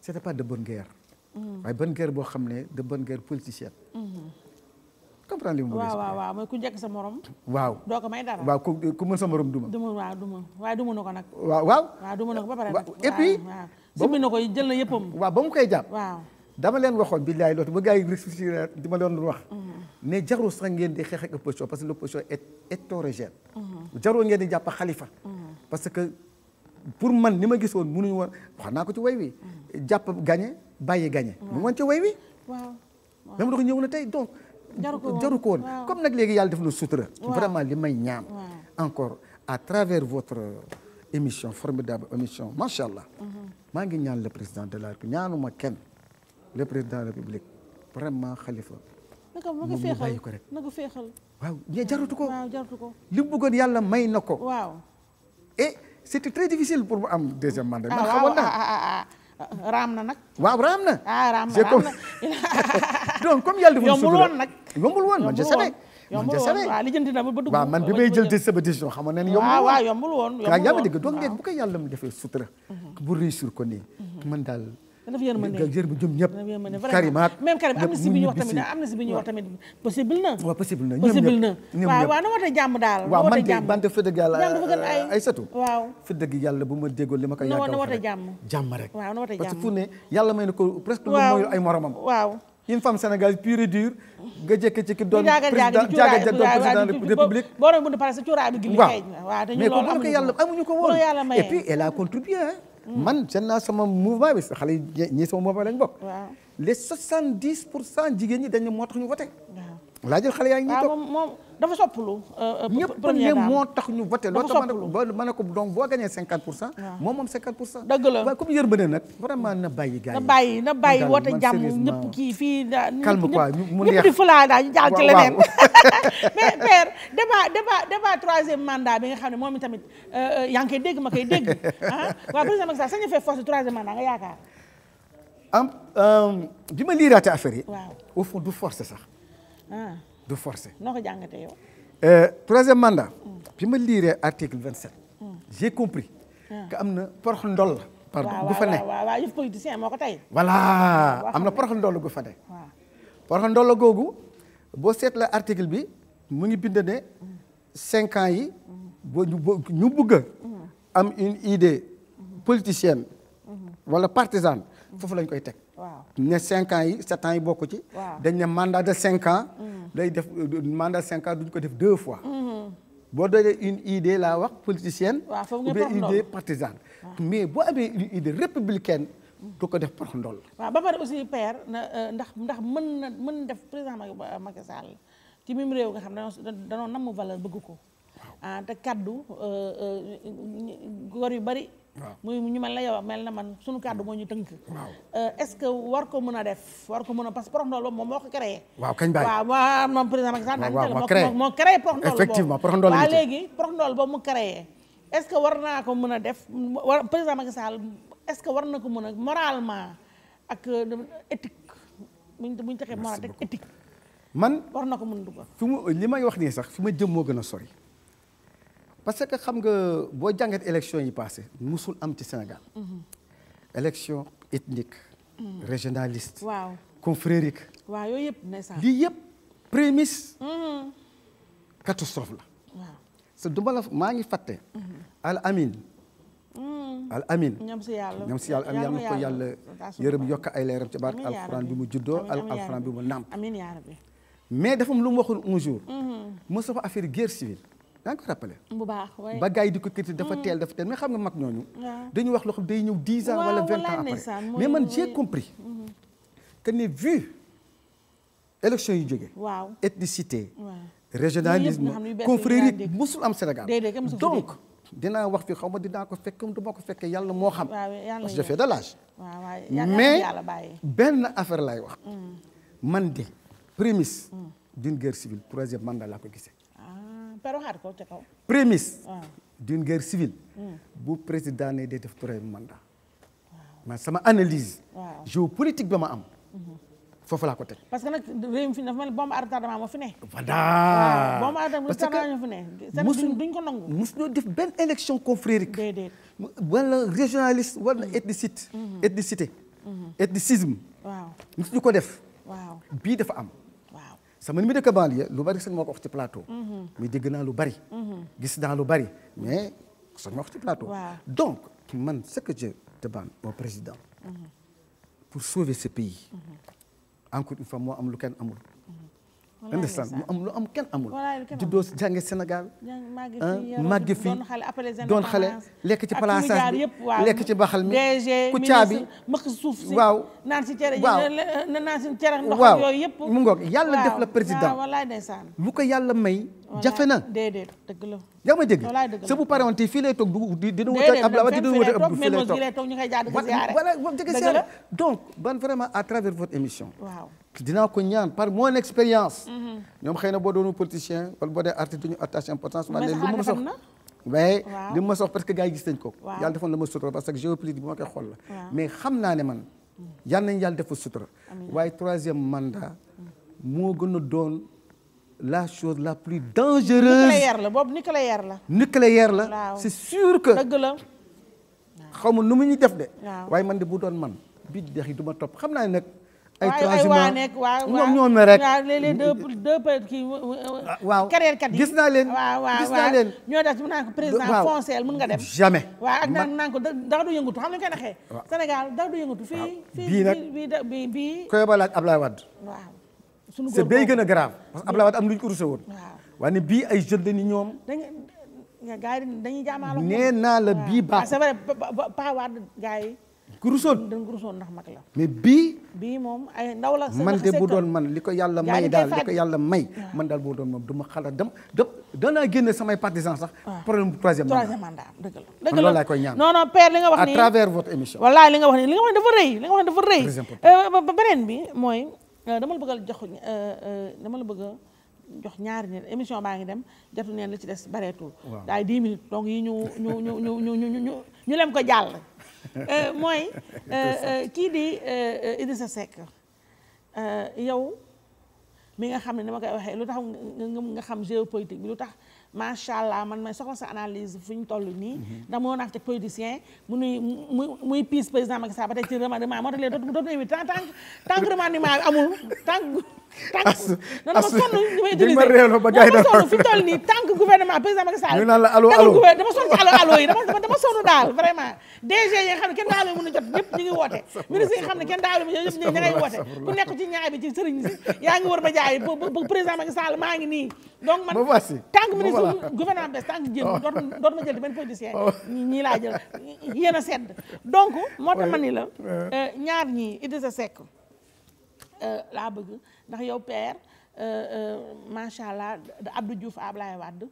c'était pas de bonne guerre bonne guerre boo xam ne de bonne guerre politicienne comprendre li mu bëgg a. waaw waaw mooy ku njëkk sa morom. waaw doo a may dara. waaw ku ku sa morom duma. duma waaw duma na ko nag. waaw duma na ko ba pare nag. et puis waaw simbi na ko jël na yëppam. waaw ba mu koy jàpp. dama leen waxoon billahi loolu ba gars yi réfléchir di ma leen wax. ne mm-hmm. jarul sax ngeen di xeex ak opposition parce que l'opposition est hétérogène. Mm-hmm. jarul ngeen di jàpp xalifa. Mm-hmm. parce que pour man ni ma gisoon mënuñu woon wax naa ko ci way wi. jàpp gagné bàyyi gagné. mu mën ci way wi. waaw jaru ko woon comme nag léegi yàlla def sutura vraiment li may ñaan encore à travers votre euh, émission formidable émission macha allah mhm. maa ngi ñaan le président de la République ñaanuma le président République vraiment xalifa mu bàyyi ko rek ko li mu bëggoon yàlla may na ko waaw et c'était très difficile pour mu am deuxième mandat man ah, xamoon naa ah, ah, raam na nag waaw raam na ah raam na donc comme yàlla def yombul yombul woon man je savais. yombul woon waaw lijjanti na ba dugg waaw man bi may jël sama décision xamoon na ne yombul woon waaw yombul woon yombul woon waaw yaa ngi dégg donc ngeen bu ko yàlla mu defee possible na. waaw possible na na waaw waaw daal. na man de man de fa bu ma déggoo li ma ko yàgg a wax rek. rek. waaw na woote jàmm ko presque. waaw ay moromam. une femme sénégalaise pure et dure nga jëkke ci doon président jaaga ja doon président république boo doon bunt pare sa cuuraay bi gilli xeeñ waaw mais ko ko yàlla amuñu ko puis elle a contribué mm. man seen naa sama mouvement bi xale yi ñii sama mouvement soixante dix pour cent jigéen ñi dañ moo tax ñu voté laa jël xale yaa ngi nii dafa soppalu. Euh, euh, premier dame ñëpp moo tax ñu voté. dafa soppalu loolu ma ne ko donc boo gagné 50 pour cent. waaw moom moom 50 pour cent. dëgg la waaye comme na bàyyi na bàyyi na bàyyi woote jàmm ñëpp kii fii. calme quoi mu neex ñëpp di fulaa daal ñu jàll ci leneen. mais père débat débat débat troisième bi nga xam ne moom tamit euh, yaa ngi koy dégg ma koy dégg ah sax président Macky Sall sañ a fee force troisième mandat nga yaakaar. bi ma liiraate affaire yi. waaw au fond du force sax. Ah. du forcer. noo ko jàngatee yow. Euh, troisième mandat. Mm. bi ma liiree article vingt sept. Mm. j'ai compris. Ah. que am na porox ndol la. pardon gu fa ne waaw waaw porox ndol gu googu boo seetla article bi mu ngi bind cinq ans yi. boo ñu ñu a mm. am une idée mm-hmm. politicienne mm-hmm. wala partisane foofu lañ koy teg. waaw ne cinq ans yi sept ans yi bokk ci. dañ ne mandat de cinq ans. Mm. day def mandat de cinq ans duñ ko def deux fois. Mm-hmm. boo dee une idée laa wax politicienne. waaw ou bien idée partisane. mais boo amee une idée républicaine. du ko def par ndol. waa ba pare aussi père euh, ndax ndax mën na mën def ma Macky Sall ci même réew nga xam ne danoo mu valeur bëgg ko. Ah, te kaddu euh, euh, góor yu bari. muy ñu mel na yow mel na man suñu kàddu moo ñu tënk euh, est ce que war ko mën a def war ko mën a parce que Porox Ndol boobu moom moo ko créé waaw kañ bàyyi waaw waaw moom président Macky Sall moo moo créé Porox Ndol léegi Porox Ndol boobu mu créé est ce que war naa ko mën a def war président ma Sall est ce que war na ko mën a moralement ak euh, éthique buñ buñu taxee moral ak éthique man war na ko mën dugal fi mu li may wax nii sax fi ma jëm moo gën a sori parce que xam nga boo jàngat élection yi passé musul am ci Sénégal. Mm-hmm. élection ethnique. Mm-hmm. régionaliste. waaw confrérique. lii yëpp prémisse. Mm-hmm. catastrophe la. waaw duma la maa ngi fàtte. al amin. al amin ñam si yàlla ñam si ay leeram ci barke alxuraan bi mu juddoo al alxuraan bi mu nàmp. mais dafa lu mu waxoon un jour. mu sa guerre civile. yaa ngi ko bu baax ba gars yi di ko critiquer mm. dafa teel dafa teel mais xam nga mag ñooñu. dañu wax loo xam day ñëw 10 ans. wala 20 ans mais man j'ai compris. Mm-hmm. que ne vu élection yu jógee. waaw ethnicité. régionalisme confrérie musul am Sénégal donc. dinaa wax fi xaw ma dinaa ko fekk du ma ko fekkee yàlla moo xam. parce que je fais de mais benn affaire lay wax. Mm. man de prémisse. Mm. d'une guerre civile troisième mandat laa ko gise pare waxaat ko ca kaw. prémisse. Ah. d'une guerre civile. Hmm. bu président ne day def troisième mandat. man sama analyse. géopolitique ba ma am. Mhm. foofu laa ko teg. parce que nag réew mi fi dafa mel bombe à moo fi ne. voilà def benn élection confrérique. déedéet wala régionaliste wala hmm. ethnicité. Hmm. ethnicité. ethnicisme. waaw mosu ko def. bii dafa am. sama ni mu dëkk banlieue lu bari sëñ moo ko wax ci plateau. mais mhm. dégg naa lu bari. Mhm. gis naa lu bari mais sëñ moo wax plateau. donc man ce que je demande au président. Mhm. pour sauver ce pays. encore une fois moo lu kenn amul. understand mu am lu am kenn amul juddoo jànge Sénégal màgge ah, fii doon xale lekk ci palaasaan bi lekk ci baxal mi ku caabi maq suuf si waaw naan si cere waaw naan si cere ndox yooyu yëpp mu ngoog yàlla def la président lu ko yàlla may jafe na déedéet dëgg la yaa ngi may dégg pare woon tey fii lay toog du dina wut ak Abdoulaye Wade dina wut ak fii lay toog voilà moom jëge siyaare donc ban vraiment par mon expérience mhm. ñoom xëy na boo politicien wala boo dee artiste ñu importance man leen lu ma sox mais parce que gars yi ko yàlla defoon la ma sutura parce que géopolitique bi ma koy xool mais xam naa ne man yal mhm. nañ yàlla defa sutura waaye troisième mandat moo gën a doon la chose la plus dangereuse. nucléaire la boobu nucléaire la. nucléaire la waaw c'est sûr que. dëgg xaw ma nu mu ñuy def de. waaye man de bu doon man bi dex yi du ma topp xam naa ne ay transhumants ay waa na rek. waaw léeg-léeg ah, waaw gis naa leen. waaw waaw gis naa leen. ñoo tax mu naan ko président foncel mun nga ko dara du yëngatu xam nga koy naxee. Sénégal dara du yëngatu. waaw bii nag bii bii. koy balaat Ablaye Wade waaw. suñu góor boobu c'est gën a grave parce que Abdoulaye Wade am lu ñu ko bii ay jeunes la ni ñoom. dañuy gars yi dañuy jaamaaloo. nee naa la bii baax ah, c'est vrai Paa Wade gars la. mais bii. bii moom ay ndaw la. man de bu doon man li ko yàlla may daal li yàlla may. man daal boo doon moom du ma xalaat dem dem danaa génne samay partisans sax. problème bu troisième mandat troisième mandat dëgg la. dëgg la loolu laa koy ñaan non non li nga wax nii li nga wax nii dafa rëy li nga wax nii dafa rëy. Euh, beneen bi mooy. Euh, dama la bëgg a jox euh, euh, dama la bëgg a jox ñaari nit émission baa ngi dem jotu neen la ci des bareetul. waaw daay 10 minutes donc yi ñu ñu ñu ñu ñu ñu ñu ñu lem ko jàll. mooy kii di sa Seck yow mi nga xam ne dama koy waxee lu tax nga xam géopolitique bi lu tax. macha allah man may soxla sa analyse fu ñu toll nii. ndax mënoon naa fi mu nuy muy muy piis ma Macky a ba tey ci remaniement moo tax léegi dootu dootu invité tant tant amul tant asu asu ma réeloo ba gars yi dama sonn nii tant gouvernement président Macky a jot ñëpp ñu ngi woote. ministre yi nga xam la a jot ñëpp ñu maa ngi nii. donc man tant ministre gouvernement bes tant que jéem doot ma jël oh. di benn oh. ñii laa jël yéen sedd donc moo tax ma ni la euh, ñaar ñii Idrissa Seck Euh, laa bëgg ndax yow père euh, euh, macha allah Abdou Diouf Ablaye Wade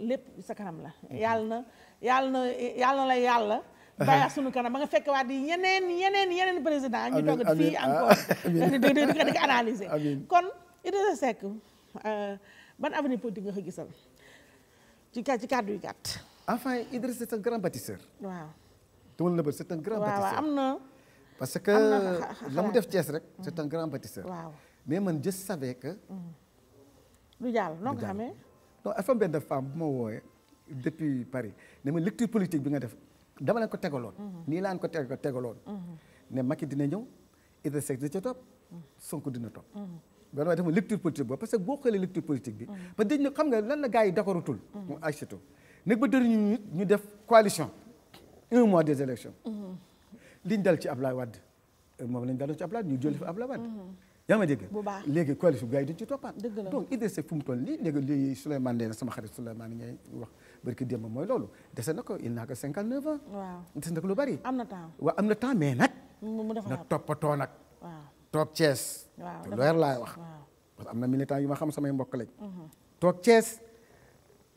lépp sa kanam la yàlla na yàlla na yàlla na la yàlla bàyyi ak sunu kanam ba nga fekk waat di yeneen yeneen yeneen président ñu toog fii ah, encore di di di ko analyser kon Idrissa Seck ban avenir politique nga ko gisal ci ci kàddu yu gàtt enfin Idrissa c'est un grand bâtisseur waaw tumal na ba c'est un grand bâtisseur waaw am na parce que la mu def Thiès rek c'est mm. un grand bâtisseur mais man je savais que mm. lu jàll noo ko xamee non afam benn femme bu ma wooyee depuis Paris ne ma lecture politique bi nga def dama leen ko tegaloon mm-hmm. nii laan ko teg tegaloon mm-hmm. ne Macky dina ñëw Idrissa Seck dina ca topp mm-hmm. Sonko dina topp loolu mooy dama lecture politique boobu parce que boo xoolee lecture politique bi ba dañ xam nga lan la gars yi d'accordutul mu agito nag ba dëriñu ñu def coalition mois des liñ dal ci Ablaye Wade euh, moom lañ daloon ci Ablaye ñu jël fi Ablaye Wade. Mm-hmm. yaa ma dégg léegi coalition gars yi duñ ci toppaat donc Idrissa fu mu toll nii léegi li Souleymane Ndeye sama xarit Souleymane Ndiaye mooy loolu dese na ko il n'a que cinquante na ko lu bari am na temps waaw am na temps mais nag na toppatoo nag toog laay wax parce am na militant yu ma xam samay mbokk lañ mm-hmm. toog Thiès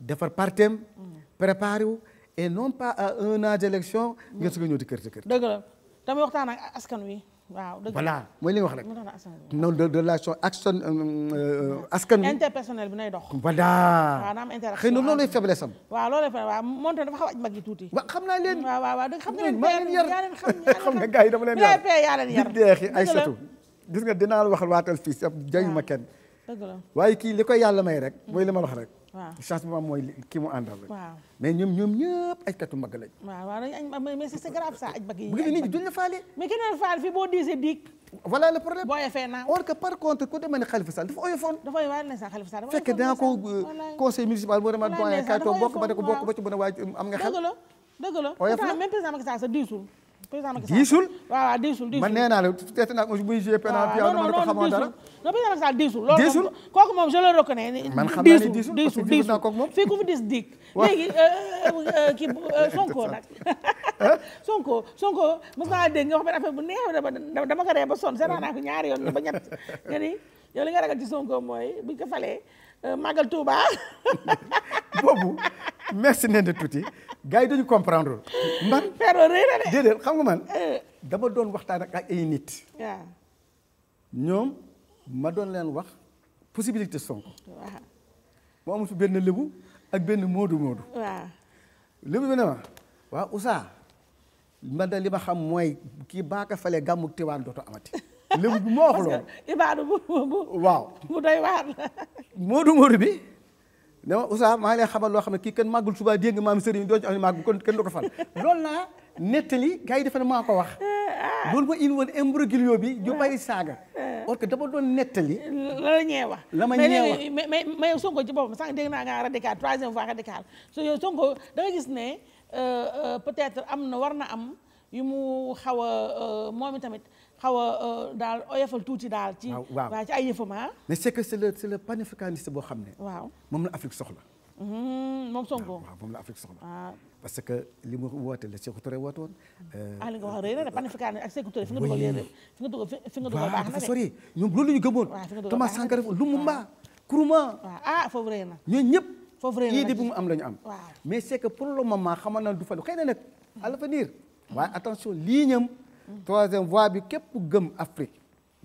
defar partem mm-hmm. préparé wu et non pas à un an d'élection nga su nga ñëw di kër ci kër dëgg la damay waxtaan askan wi waaw. dëgg voilà mooy li nga wax rek. non de de relation action euh, euh, askan wi. interpersonnel bi nay dox. voilà waaw na am interaction na loolu lay faiblesse am. waaw loolu lay faiblesse waaw a aj mag tuuti. waaw xam naa leen. waaw waaw dëgg xam nga leen yaa leen xam xam nga gars yi dama leen yar yaa ay satu gis nga dinaa la wax waatal fii sax jayuma ma ken waaye kii li koy yàlla may rek mooy li ma wax rek waaw chance bu ma am mooy kii mu àndal la. mais ñoom ñoom ñëpp ay katu mbagg bu ngeen nit duñ la faale. mais ki ne faal fii boo diisee diig. voilà le problème boo yefee naa. or que par contre ku demee ne Khalifa Sall dafa oyofoon. dafa oyofoon ne sax Khalifa Sall dafa oyofoon ko euh, conseil municipal mu demaat doyen kaay ko bokk ci mën a waaj am nga xel. dëgg la dëgg la oyof sa diisul président Macky Sall diisul waaw diisul diisul man nee naa la teet naa ko muy joué pénalty non non xamoo dara non président Macky Sall diisul loolu diisul kooku moom je le reconnais man xam naa diisul diisul diisul kooku moom fii ku fi diis euh, euh, euh, Sonko Sonko Sonko mos naa nga dama ko ree ba sonn seetaan naa ko ñaari yoon ba ñett nga ni yow li nga ragal ci Sonko mooy buñ ko falee màggal Touba boobu merci nen de tuuti gars yi dañu comprendre man. Ferro rëy na de. déedéet xam nga man euh. dama doon waxtaan ak ay nit. ñoom ma doon leen wax possibilité Sonko. waaw mu amul benn lébu ak benn moodu moodu. waaw lébu bi ma waaw Oussa man xam mooy kii baaka fale gàmmu Tiwaan dootu amati. lébu bi wax moodu moodu bi. ne ma Oustaz maa ngi xamal loo xam ne kii kenn màggul suba dégg nga maam sëriñ doo ci am ne màgg kon kenn du ko fal loolu laa nettali gars yi maa ko wax ah. loolu ma indi woon imbroglio bi ñu bari ah. saaga parce ah. que dama doon nettali la la ñee wax la ma ñee mais mais mais yow Sonko ci boppam dégg naa nga radical troisième fois radical so yow gis ne euh, euh, peut-être am na war na am yu mu xaw a euh, moom i tamit xaw a euh, daal oyofal tuuti daal. ci waaw ci ay yëfam ah. mais c'est que c'est le c'est boo xam ne. waaw moom la Afrique soxla. Mm-hmm, moom Sonko waaw la Afrique soxla. Ah. parce que li mu woote la Sékou Touré woote woon. Euh, a ah, li nga wax rëy na de panafricaniste ak Sékou Touré fi nga dugal réer fi fi nga dugal baax na de. waaw ñëpp. foofu rëy na idée mais c'est que pour le lii ñam troisième vois bi képp gëm Afrique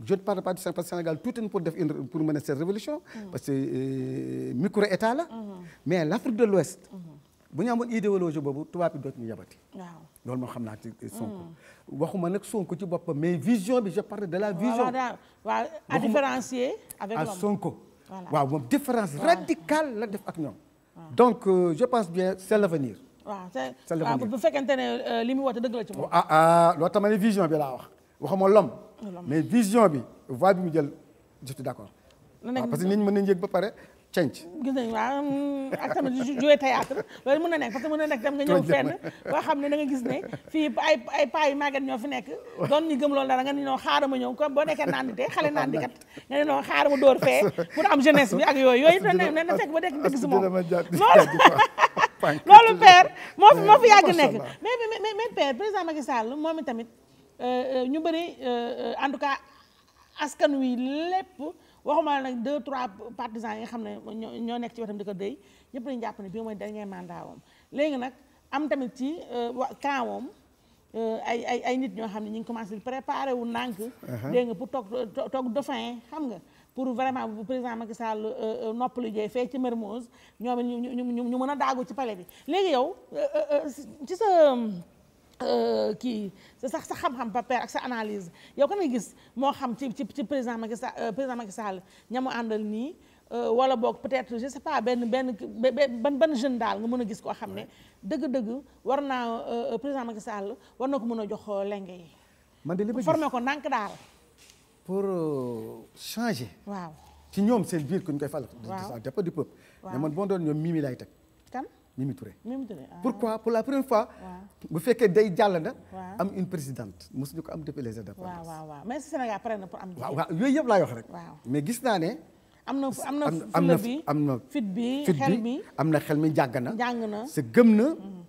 je ne parle pas du Sénégal Sénégal tuuti pour def une pour mener cette révolution mm. parce que euh, micro état la. Mm-hmm. mais l' Afrique de l' mm-hmm. bu ñu amoon idéologie boobu tubaab bi dootuñu yabati. waaw loolu xam naa ci mm. Sonko. waxuma nag Sonko ci boppam mais vision bi je parle de la vision. waaw waaw à différencier. Sonko. waaw moom différence radicale la def ak ñoom. donc euh, je pense bien c' est l' waaw bu fekkente ne euh, li mu dëgg la ci moom. ah ah loolu vision bi laa wax waxuma lom. mais vision bi voie bi mu jël je suis parce que nit ñi mën nañu ba pare change. gis mm, na nekk parce que mën nekk tam nga ñëw ne da ay ay paa ñoo fi nekk doon ñu gëm loolu dara nga ne ñoo xaaral ma ñëw boo nekkee naandite xale naandikat nga ne ñoo xaaral ma dóor fee pour am jeunesse bi ak yooyu yooyu na fekk ba nekk dëgg si moom loolu loolu père moo fi eh, moo fi yàgg nekk mais mais mais père président Macky Sall moom itamit euh, euh, ñu bëri euh, en tout cas askan wi lépp waxuma la nag deux trois partisans yi nga xam ne ñoo nekk ci wetam di ko déy ñëpp dañu jàpp ne bii mooy dernier mandat woom léegi nag am tamit ci camp woom ay ay ay nit ñoo xam ne ñu ngi commencé préparé wu nànk uh-huh. dégg nga pour toog toog dauphin xam nga pour vraiment bu président Macky Sall euh, euh, noppalu jee fee ci Mermoz ñoom ñu ñu ñu mën a daagu ci pale bi léegi yow euh, ci sa kii sax sa xam-xam paper ak sa analyse yow kan nga gis moo xam ci ci ci président Macky Sall président Macky Sall ña mu àndal nii wala boog peut-être je sais pas benn benn ban ban jeune daal nga mën a gis koo xam ne dëgg-dëgg war naa président Macky Sall war na ko mën a jox lenge yi. man ko ndànk daal. pour euh, changer. waaw ci ñoom seen biir ku ñu koy fal. waaw ça dépend du peuple. waaw mais boo doon ñoom Mimi laay teg. kan Mimi Touré. Mimi Touré ah. pourquoi pour la première fois. bu fekkee day jàll na. am une présidente mosuñu ko am depuis les indépendances. waaw waaw waaw mais si Sénégal pare na pour am. waaw waaw yooyu yëpp rek. mais gis naa ne. am na am am na fit bi xel bi am na xel mi jàng na. jàng na sa gëm na. Mm-hmm.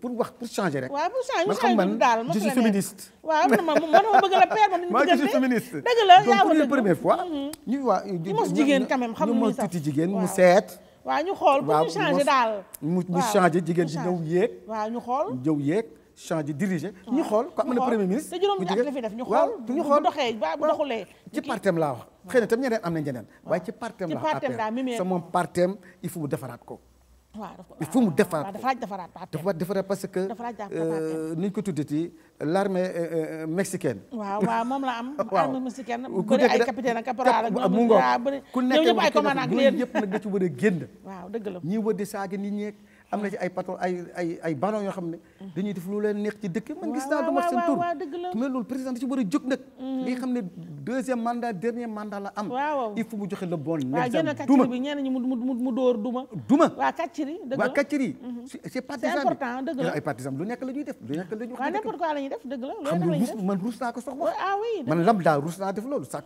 pour wax pour changer rek. waaw pour changer man xam man je suis féministe. waaw man man ma bëgg la paire man duñu bëgg a. maa ngi féministe dëgg la yaa ko dëgg donc mm-hmm. jigéen quand même seet. waaw ñu xool pour ñu changer daal. mu mu changer jigéen ji ñëw yéeg. waaw ñu xool ñëw yéeg. changer diriger ñu xool ko am na premier ministre. te juróomi at la fi def ñu xool ñu xool bu doxee ba bu doxulee. ci partem laa wax xëy na tam ñeneen am na ñeneen. waaye ci partem la affaire sa moom partem il faut defaraat ko. il faut mu defar dafa defaraat parce que euh, ni ñu ko tuddati l'armée euh, euh, mexicaine. waaw waaw moom la am. armée mexicaine bëri ay capitaine ak caporal ak ñoom ñëpp ay commandant ak yéen ku nekk ñëpp nag da ci war a génn. waaw dëgg la ñii war di saaga nit ñeek am na ci ay patron ay ay yoo xam ne dañuy def lu leen neex ci dëkk man gis naa du président da ci a jóg nag mm. la am il faut mu joxe le bon exemple duma bi ñenn ñi dëgg la waa mm-hmm. nekk la ñuy def lu nekk la ñuy wax n'importe def dëgg la xam nga man ah def loolu sa ah.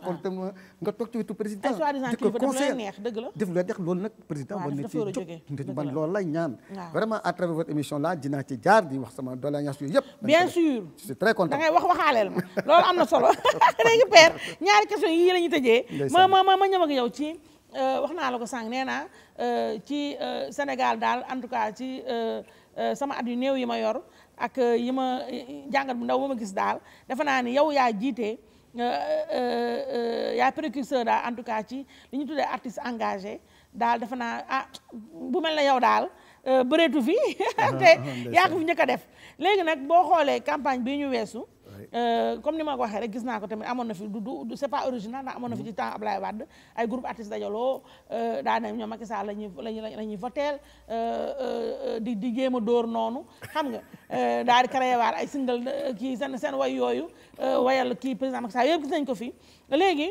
def la def loolu nag président war na ci jóg man loolu lay ñaan vraiment à travers votre émission là dinaa ci jaar di wax sama doléance yooyu yëpp. bien sûr je suis très wax waxaaleel ma loolu am na solo léegi père ñaari questions yii la ñu tëjee. ma ma ma ma ñëw ak yow ci euh, wax naa la ko sànq nee naa euh, ci euh, Sénégal daal en tout cas ci sama at yu néew yi ma yor ak yi ma jàngat bu ndaw ba ma gis daal defe naa ni yow yaa jiite. yaa précurseur daal en tout cas ci li ñu tuddee artiste engagé daal defe naa ah bu mel na yow daal Euh, bëreetu fi te yaa ko fi njëkk a def léegi nag boo xoolee campagne bii ñu weesu euh, comme ni ma waxee rek gis naa ko tamit amoon na fi du du c'est pas original ndax amoon na fi ci mhm. temps Ablaye Wade ay groupe artistes dajaloo euh, daana ñoom ak Sall lañuy lañuy la ñuy voteel di di jéem a dóor noonu xam nga daal di créé waar ay single kii seen seen way yooyu wayal kii président Macky Sall yëpp gis nañ ko fi léegi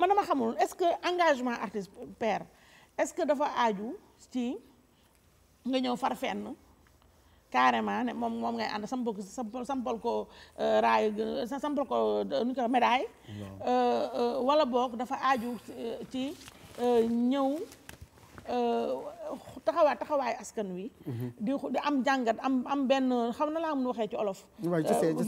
man dama xamul est-ce que engagement artiste père est-ce que dafa aaju ci nga ñëw far fenn carrément ne moom moom ngay ànd sampal ko sampal ko raayu sampal ko euh, euh, euh, nu ñu ko médaille wala boog dafa aaju ci ñëw taxawaay taxawaay askan wi. Mhm. di di am jàngat am am benn xam na laa mun waxee ci olof.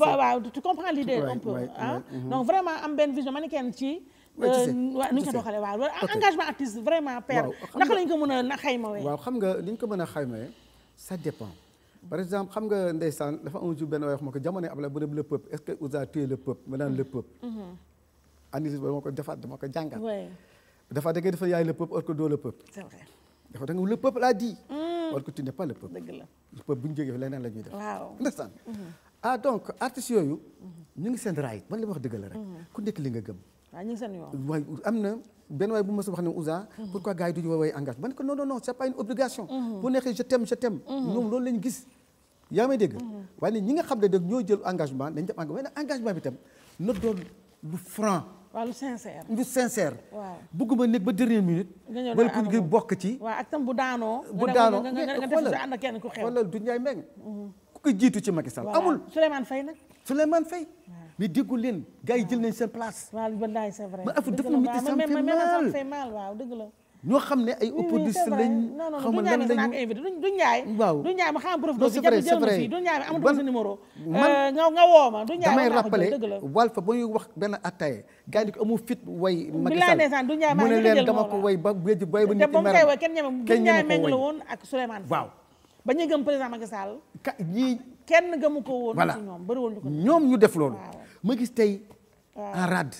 waaw tu comprends l'idée mhm. donc vraiment am benn vision manichéenne ci. Euh, waaw nu ñu ko doxalee waaw engagement artiste vraiment père naka lañ ko mën a na xaymawee waaw xam nga li ñu ko mën a xaymawee ça dépend par exemple xam nga ndeysaan dafa un jour benn waay wax ma ko jamono Ablaye bu dem le peuple est-ce que Ouza tué le peuple ma naan le peuple mm-hmm. analyse ba ma ko defaat dama ko jàngal dafa da ngay defa yaay le peuple or que doo le peuple c'est vrai dafa da nga le a dit mm. or que tu n'es pas le peuple dëgg la le peuple ñu jógee leneen la ñuy def waaw ndeysaan mm-hmm. ah donc artistes yooyu ñu ngi seen raay man li ma wax dëgg la rek mm-hmm. ku nekk li nga gëm waaw ñu am na benn waay bu ma wax ne Ouza. pourquoi gars yi du ñu woowee engagement man ko non non non c'est pas une obligation. Mhm. bu neexee je t'aime mhm. ñoom loolu lañu gis. yaa may dégg. Mhm. waaye nag ñi nga xam ne nag ñoo jël engagement dañu def engagement engagement bi tam na doon lu franc. waaw lu sincère lu sincère. waaw bëgguma ba dernière minute. nga ñëw wala pour nga bokk ci. waaw ak tam bu daanoo. bu daanoo nga nga nga ànd ak kenn ku xew. xoolal du Ndiaye Mbengue. ku ko jiitu ci Macky Sall amul. Souleymane Faye nag. Souleymane Faye. mais déggu leen gars yi jël nañ seen place. waaw wallaay c'est vrai. ma affaire def na nga lan lañu du Ndiaye. waaw du Ndiaye ma wax benn attaaya. gars yi amu fit way Macky Sall mu ne leen dama way ba géej gëm président Macky kenn gamu ko woon. voilà ñoom ñu def loolu. ma gis tey en rade.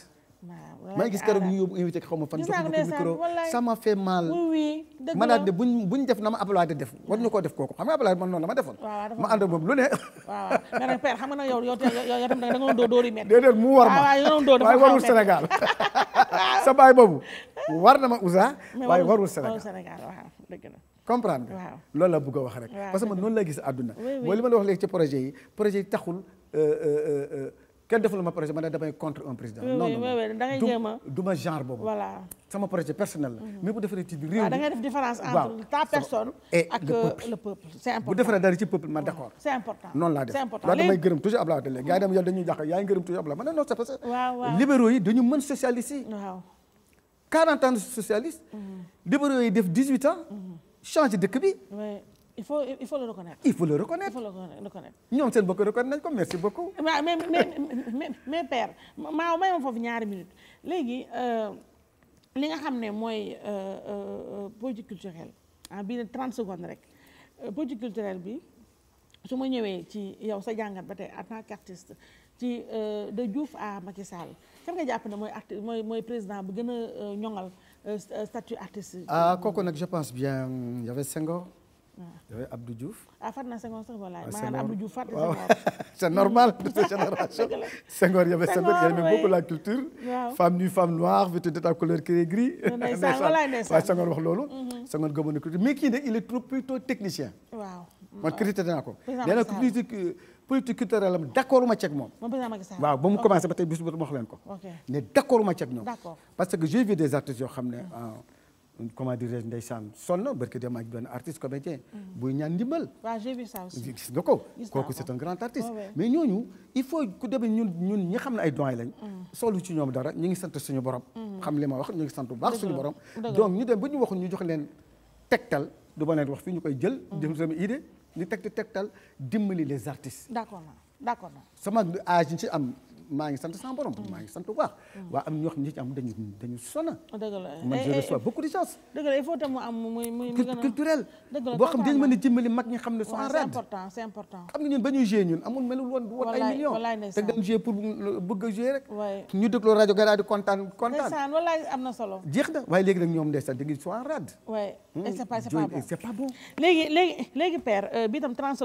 maa ngi gis keroog ñu yóbbu invité xaw ma fan. jox ma ko micro ça m'a fait mal. oui dëgg ma def na ma Abdoulaye def war ñu koo def kooku xam nga Abdoulaye la ma defoon. ma ànd ak moom lu ne. waaw waaw mais xam nga nag yow yow tam da doo dóor yi métti. déedéet mu war ma ah, waaye warul Sénégal sa baay boobu war na ma Ousa. waaye warul Sénégal waaw comprendre nga. loolu la bëgg a wax rek. parce que man noonu laa gis àdduna. mooy li ma la wax léegi ci projet yi projet yi taxul. Euh, euh, euh, kenn deful ma projet man da damay contre un président. non non du ma genre boobu. voilà la. Mhm. mais bu defaree ci biir réew mi da ngay def différence entre ta personne. ak le peuple c'est important bu defaree ma d'accord. c'est def loolu damay gërëm toujours toujours Ablaye ma non c'est parce que. yi dañu mën socialiste ans. changer dëkk bi. il faut il faut le reconnaître. il faut le reconnaître il faut le reconnaître. ñoom seen bopp reconnaître nañ ko merci beaucoup. mais mais mais mais père maa ma foofu ñaari minutes léegi euh, li nga xam ne mooy euh, euh, politique culturelle ah bii ne 30 secondes rek politique culturelle bi su ma ñëwee ci yow sa jàngat ba tey en tant qu'artiste ci de Diouf à Macky Sall kan nga jàpp na mooy artiste mooy mooy président bu gën a ñoŋal. Euh, euh, statut artiste. ah kooku nag je pense bien il y avait Senghor. waaw yow Abdou Diouf. ah fàttali naa Senghor sax walaay c'est normal de cette génération. Senghor yow Senghor yow aimait beaucoup la culture. waaw femme nue femme noire vêtue de ta couleur qui est gris. mais waaye Senghor wax loolu. Mhm. Senghor gëmoon na culture mais kii nag il est trop plutôt technicien. waaw man critiqué naa ko. président Macky Sall politique culturelle am d' accord ma ceeg moom. waaw ba mu commencé ba tey bis bu wax leen ko. ne d' accord ma ceeg ñoom. parce que j'ai des artistes yoo xam ne. Euh, comment dirais-je ndeysaan sonn barke dem ak benn artiste comédien mm. buy ñaan ndimbal waaw j'ai vu ko kooku grand artiste mais ñooñu il faut ku demee ñun ñun ñi xam ne ay doyen mm. solu ci ñoom dara ñu ngi sant suñu borom mm. xam li ma wax ñu ngi sant suñu borom donc ñu dem ba ñu waxul ñu jox leen tegtal du ma li teg te tegtal dimbali les artistes. d' accord d' accord sama âge ñu ci am. maa ngi sant sama borom. maa ngi sant bu baax. waa am na ñoo xam ne ñi oh, eh, eh, ci xam dañu mën a jëmbali mag ñi xam ne sont en rade. c'est important c'est important. xam nga kontaan kontaan. ndeysaan am na solo. jeex na waaye léegi nag ñoom ndeysaan dañuy sont en rade. waay et c'est pas hmm. c'est pas bon léegi léegi léegi père euh, tam 30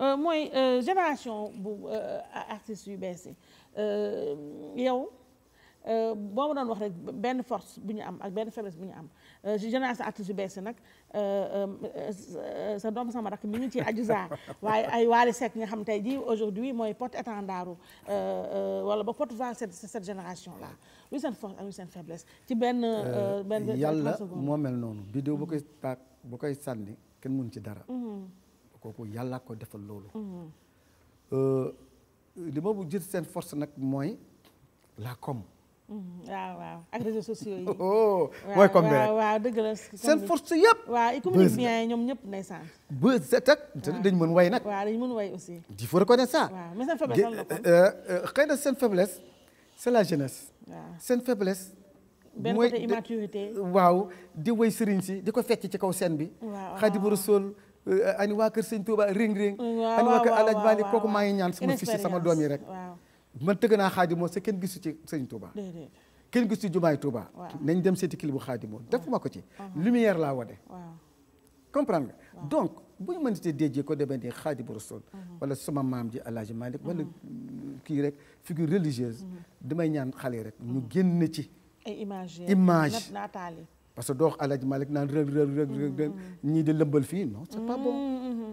Euh, mooy euh, génération bu euh, artistes yu bees yi yow boo ma doon wax rek benn force bu ñu am ak benn faiblesse bu ñu am génération artistes yu bees yi nag sa doom sama rakk mi ngi ci ajuza waaye ay Wally Seck nga xam tey jii aujourd'hui mooy porte étendardu wala ba porte voix cette cette génération là luy seen force ak luy seen faiblesse ci benn benn yàlla moo mel noonu vidéo bu mm-hmm. koy taat bu koy sànni kenn mun ci dara mm-hmm. kooku yàlla ko defal loolu. Mm-hmm. Euh, li bu jël seen force nag mooy la com. Mm-hmm. waaw waaw ak réseaux sociaux yi. Oh, mooy com bi rek waaw dëgg la. seen force yëpp. waaw i communique bien ñëpp ndeysaan. buzz set ak dañ mën way nag. waaw dañ mën way aussi. il faut reconnaître ça. mais seen faiblesse la euh, euh, na seen faiblesse c'est la jeunesse. waaw seen faiblesse. benn côté immaturité waaw di way sëriñ si di ko fecc ci kaw scène bi. waaw waaw Xaadimu Rasuul Eh, ani waa kër sëñ Touba ring ring ani waa kër Alaaji Maalik kooku maa ngi ñaan sama fils sama doom yi rek man tëgg naa xaadimoo sa kenn gisu ci sëñ Touba kenn gisu ci jumaay Touba nañ dem seeti kilibu xaadimoo defuma ko ci uh-huh. lumière laa wade comprendre nga donc bu ñu mënatee déjee ko demee nii Xaadimu Rasuul uh-huh. wala sama maam ji Alaaji Maalik wala uh-huh. kii rek figure religieuse damay ñaan xale rek ñu génn ci image parce que doox Alaaji Malick naan rëg rëg rëg rëg mm-hmm. ñii fii non c'est pas bon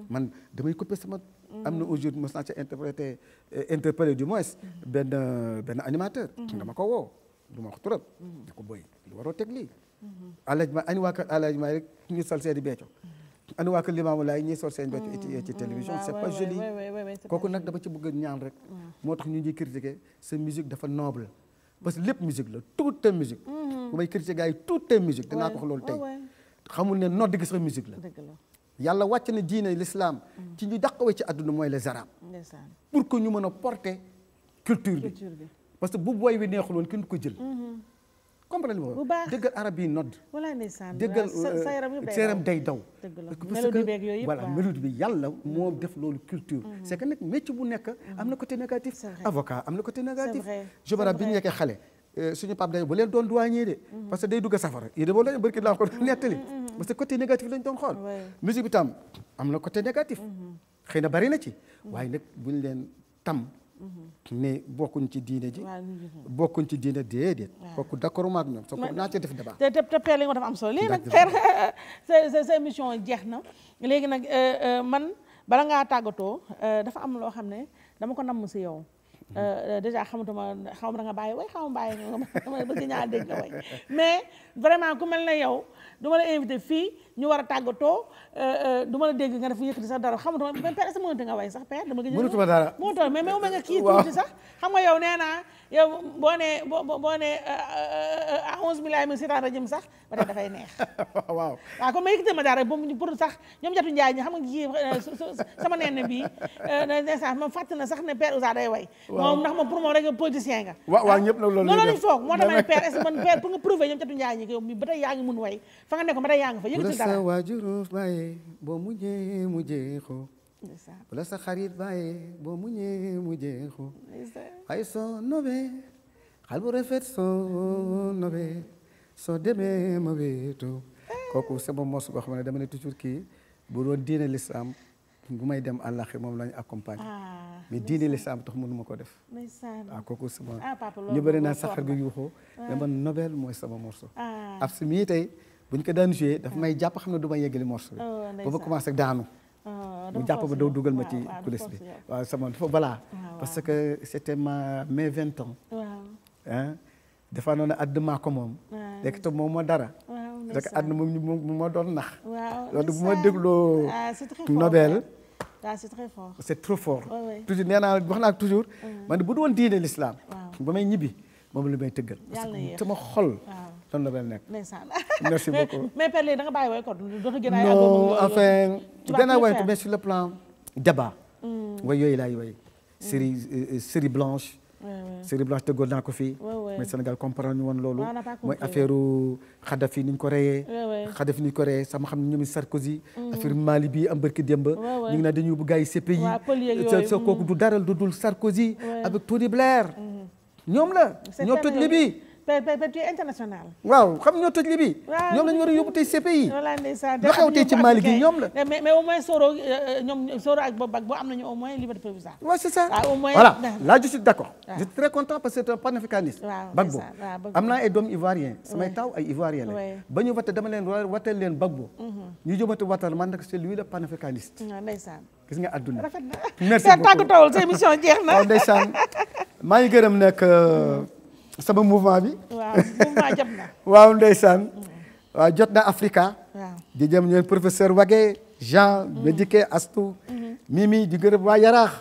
mm-hmm. man damay coupé sama am na mm-hmm. aujourd'hui mos naa ca interprété eh, du moins benn benn animateur dama ko woo du ma wax trop ne ko boy lu waroo teg lii Alaaji ma ñu sol seeni becco ani waa kër Limaamu Laay ñuy sol seen becco ci c'est pas joli kooku nag dama ci bëgg ñaan rek mm. moo tax ñu ngi critiqué sa musique dafa noble parce que lépp musique la tout est musique. bu mhm. may critiquer gars yi tout est musique. dinaa ko wax tey xamul ne nodd gi sax musique la. yàlla wàcc na diine l'islam mhm. ci ñu dàqawee ci àdduna mooy les arabes. pour que ñu mën a porter culture bi. parce que bu booy bi neexul woon kenn ko jël. Mhm. comprendre nga bu baax dëggal arab yi nodd. walaay ndeysaan dëggal euh, daw. mélodie beeg bi yàlla mm-hmm. moo def loolu culture. Mm-hmm. c' est que bu nekk mm-hmm. am na côté négatif. avocat am na côté négatif. je me rappelle bi ñu nekkee xale. Euh, suñu pap dañu bu leen doon douanier de. parce que day dugg safara yéen a boo leen barki laa ko bi tam am na côté négatif. xëy na bari na ci. waaye nag buñ tam. Mm-hmm. ne bokkuñ ci diine ji. bokkuñ ci diine déedéet. waaw kooku d' ma ak ñoom soo ko naa cee def débat. te te te père li nga def am solo léegi nag père sa sa émission jeex na léegi nag euh, euh, man bala ngaa tàggatoo euh, dafa am loo xam ne dama ko namm si yow. déjà xamatuma xaw ma da nga bàyyi way xaw ma bàyyi nga ma bëgg ñaa dégg nga way mais vraiment ku mel ne yow du la invité fii. ñu war a tàggatoo euh, euh, du ma la dégg nga def sax dara xamatuma mais père est-ce que mënatu nga way sax dara mënatuma ma nga kii tuuti sax xam nga yow nee naa yow boo nee boo euh, ba tey dafay neex waaw waaw comme ma yëkkati ma sax ñoom jatu njaay ñi xam nga kii sama nen bii ndeysaan sax ne père Ouza day way moom ndax moom pour moom rek nga politicien nga waaw waaw ñëpp nag loolu lañ foog moo tax ma ne père est-ce que man père pour nga prouver ñoom jatu njaay ñi yow mi ba yaa ngi mun way fa nga nekkoon ba tey yaa ngi fa yëkkati sa waajur bàyyee boo mujjee mujjee xoo bu la sa xarit bàyyee boo mujjee mujjee xoo waaye soo nobee xal bu rafet soo nobee soo demee ma wéetoo eh. kooku sama mos boo xam ne dama ne toujours kii bu doon diine lislaam may dem àllaxi moom lañu accompagner ah, mais diine lislaam tax mënuma ko def waaw ah, kooku sama ah, ñu bëri na saxar gi yuuxoo mais man nobel mooy sama morceau ab buñ ko daan joué daf may jàpp xam ne du ma yeggali morceau bi oh, ba ma commencé daanu oh, mu jàpp ba doo dugal ma ci coulisse bi waaw sama dafa ah, balaa parce que c'était ma mes vingt ans ah dafa noonu àdd maa ko moom rek ah. te ma dara rek àdd moom ma doon nax loolu ma dégloo ah, Nobel waaw c'est très fort c'est trop fort toujours toujours man bu du woon diine l'islam ba may ñibbi moom loolu la mel nekk. merci a. non enfin danaa woyatu mais sur le plan débat. Mm. way yooyu laay woy. série mm. euh, euh, série blanche. série ko fii. mais Sénégal comprendre ñu woon loolu. mooy affaire Kadhafi ni ñu ko reyee. Kadhafi ni ñu ko reyee sama xam ne ñoom Sarkozy. Mm. affaire Mali bi am barki démb. ñu ngi naan dañuy yóbbu gars yi CPI. waaw sa kooku du daral du dul Sarkozy. avec Tony Blair. ñoom la ñoo toj Libye. international waaw xam ñoo toj li bi ñoom lañu war a tey CPI lu xew tey ci Mali gi la mais au moins Soro euh, euh, ñoom Soro ak Bob Gbagbo au moins liberté provisoire waaw c'est ça voilà là je d'accord je suis très content parce que c'est panafricaniste Gbagbo am naa ay doom ivoirien samay taw ay ivoirien la ba ñu wate dama leen wateel mhm. ñu jëmati watal man nag c'est lui le panafricaniste ndeysaan gis nga àdduna merci beaucoup sama mouvement bi. waaw mouvement jot na. Mm. jot na Africa. waaw di jëm ñoom professeur Wage Jean. Médiké mm. Astou. Mm-hmm. Mimi di waa Yaraax.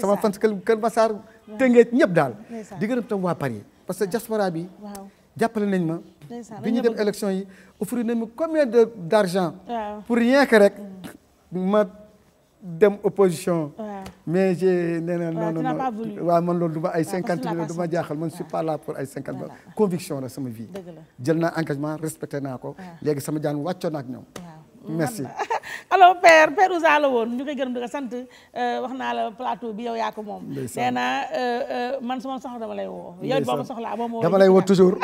sama fan kër Kër Massar. Tëngéej daal. di gërëm waa Paris. parce que diaspora bi. waaw ma. bi ñu dem élection yi offrir nañ ma combien de d' pour rien que dem opposition. mais j'ai nee na non non non waaw man loolu du ay cinquante mille du jaaxal man je suis pas là pour ay cinquante mille conviction la sama vie. jël na engagement respecté naa ko. léegi sama jaan wàccoon na ak ñoom. merci alors père père Ouza la woon ñu koy gërëm di ko sant euh, wax la plateau bi yow yaa ko moom. nee euh, euh, man ma soxla dama lay woo. yow it ba ma soxlaa moom moo dama lay woo toujours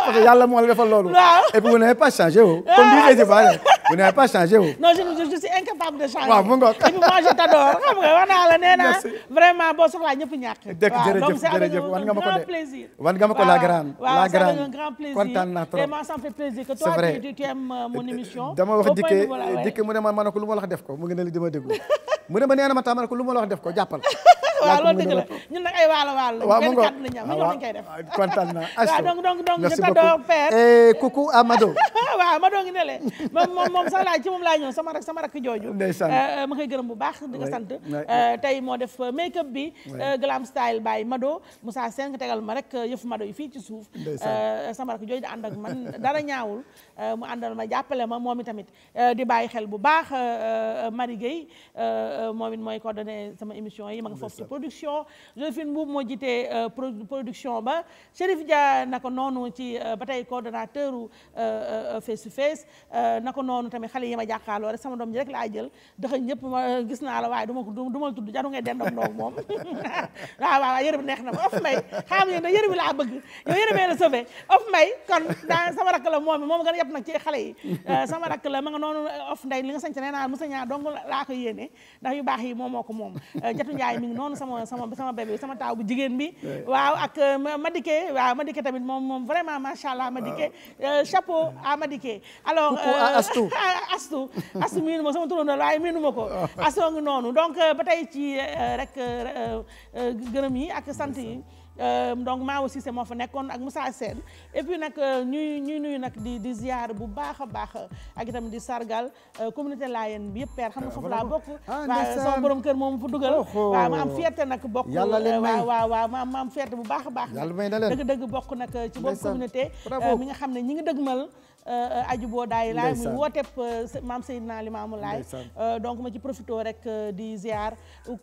parce que la defal loolu. waaw et puis vous n'avez pas changé woo. comme bii nga jëfandikoo vous n'avez pas changé woo. non je je incapable de changer. waaw mu ngoog et puis moi je t'adore xam nga wax naa la nee naa vraiment boo soxlaa ñëpp ñàkk. dëkk jërëjëf jërëjëf wan nga ma ko de wan nga ma ko la grande. la grande kontaan naa trop. vraiment ça me plaisir que toi tu aimes mon émission. dama dikk mu ne ma ma ne ko lu ma mu ngi ne li di ma déglu mu ne waaw loolu dëgg la ñun nag ay waalo waalo la benn kàddu la ñu am ñun loolu lañ koy def kontaan Amado waaw Amado ngi ne moom moom sax laa ci moom laa ñëw sama rak sama rak jooju eh, ma koy gërëm bu baax di nga sant eh, tey moo def make up bi eh, glam style by Mado Moussa Sène tegal ma rek yëfu Mado yi fii ci suuf sama rak jooju di ànd ak man dara ñaawul mu àndal ma jàppale ma moom itamit di bàyyi xel bu baax Marie Gueye moom it mooy coordonné sama émission yi ma nga foofu production Joséphine Mbuub moo jiite euh, production ba Chérif Dia naka noonu ci euh, ba tey coordonnateur u euh, face to face naka noonu tamit xale yi ma jàkkaarloo rek sama doom ji rek laa jël dëxañ ñëpp ma gis naa la waaye du ma ko du ma la tudd jaru ngay den dom ndoog moom waaw waaw yëre bi neex na ma of mbay xam ngeen ne yëre bi laa bëgg yow yëre bee la sauvé of mbay kon daa sama rakk la moom moom gën a yëpp nag ci xale yi sama rakk la ma nga noonu of nday li nga sañte nee naa mu sañaa dong laa ko yéene yi sama sama sama sama taaw bu jigéen bi waaw ak euh, Madike waaw Madike tamit moom moom vraiment macha allah Madike euh, chapeau à Madike alors euh, Astou Astou Astou miinu ma sama turóon waaye miinu ma ko Astou ngi noonu donc ba tey ci rek gërëm yi ak sant Euh, donc Maawa Cissé moo fa nekkoon ak Moussa seen et puis nag euh, ñuy ñuy nuyu nag di di ziar bu baax a baax ak itam di sargal euh, communauté Layène yen yëpp père xam nga foofu laa bokk ah, waaw sama borom kër moom fa dugal waaw ma am fierté nag bokk waaw waaw waaw ma bu baax a baax dëgg dëgg bokk nag ci boobu communauté mi nga xam ne ñi ngi dëgmal Euh, euh, aju boo daay laay muy wooteb euh, maam Seydina Limaamu Laay donc ma ci profité rek di ziar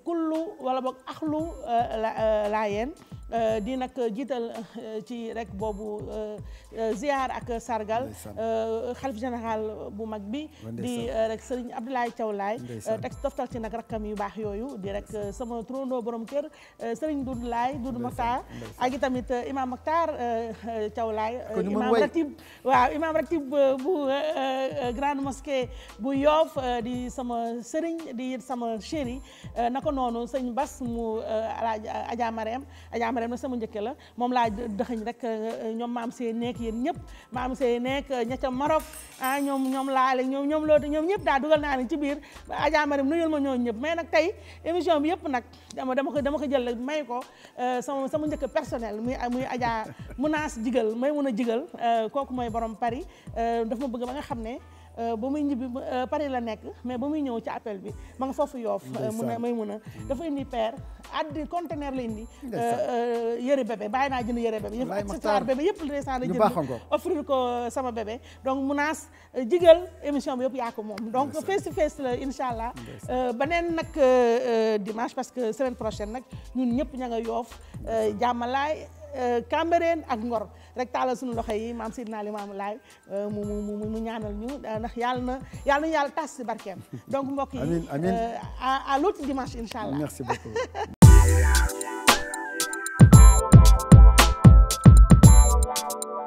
kullu wala boog axlu laayeen di nag jiital ci rek boobu ziar ak sargal xalif général bu mag bi di rek sëriñ Abdoulaye Thiaw Laay teg ci nag rakkam yu baax yooyu di rek sama trondoo boroom kër sëriñ Doudou Laay Doudou Makhtar ak itamit imam Makhtar Thiaw Laay imam ratib xatib euh, bu euh, euh, grande mosquée bu Yoff di sama sëriñ di sama chéri naka noonu sëñ Bas mu Adja Marème Adja Marème na sama njëkke la moom laa dëxëñ rek ñoom maam see nekk yéen ñëpp maam see nekk ña ca Maroc ah ñoom ñoom laale ñoom ñoom loolu ñoom ñëpp daal dugal naa ne ci biir Adja Marème nuyul ma ñoo ñëpp mais nag tey émission bi yëpp nag dama dama ko dama ko jël may ko sama sama njëkk personnel muy muy Adja Munaas Jigal may mun a jigal kooku mooy borom Paris Euh, daf ma bëgg ba nga xam ne euh, ba muy ñibbi euh, Paris la nekk mais ba muy ñëw ci appel bi ma nga foofu yoof mun may mun a dafa indi père addi conteneur la indi yëre bébé bàyyi naa jënd yëre bébé yëpp accessoire bébé yëpp ndeysaan la jënd offrir ko sama bébé donc munaas jigal émission bi yëpp yaa ko moom donc face to face la incha allah beneen nag dimanche parce que semaine prochaine nag ñun ñëpp ña nga yoof jàmmalaay Cambérène ak Ngor rek taalal suñu loxo yi maam Seydina Limaamu Laay euh, mu mu mu ñaanal ñu euh, ndax yàlla na yàlla na yàlla tas si barkeem donc mbokk yi amiin amiin euh, à à l'autre dimanche incha allah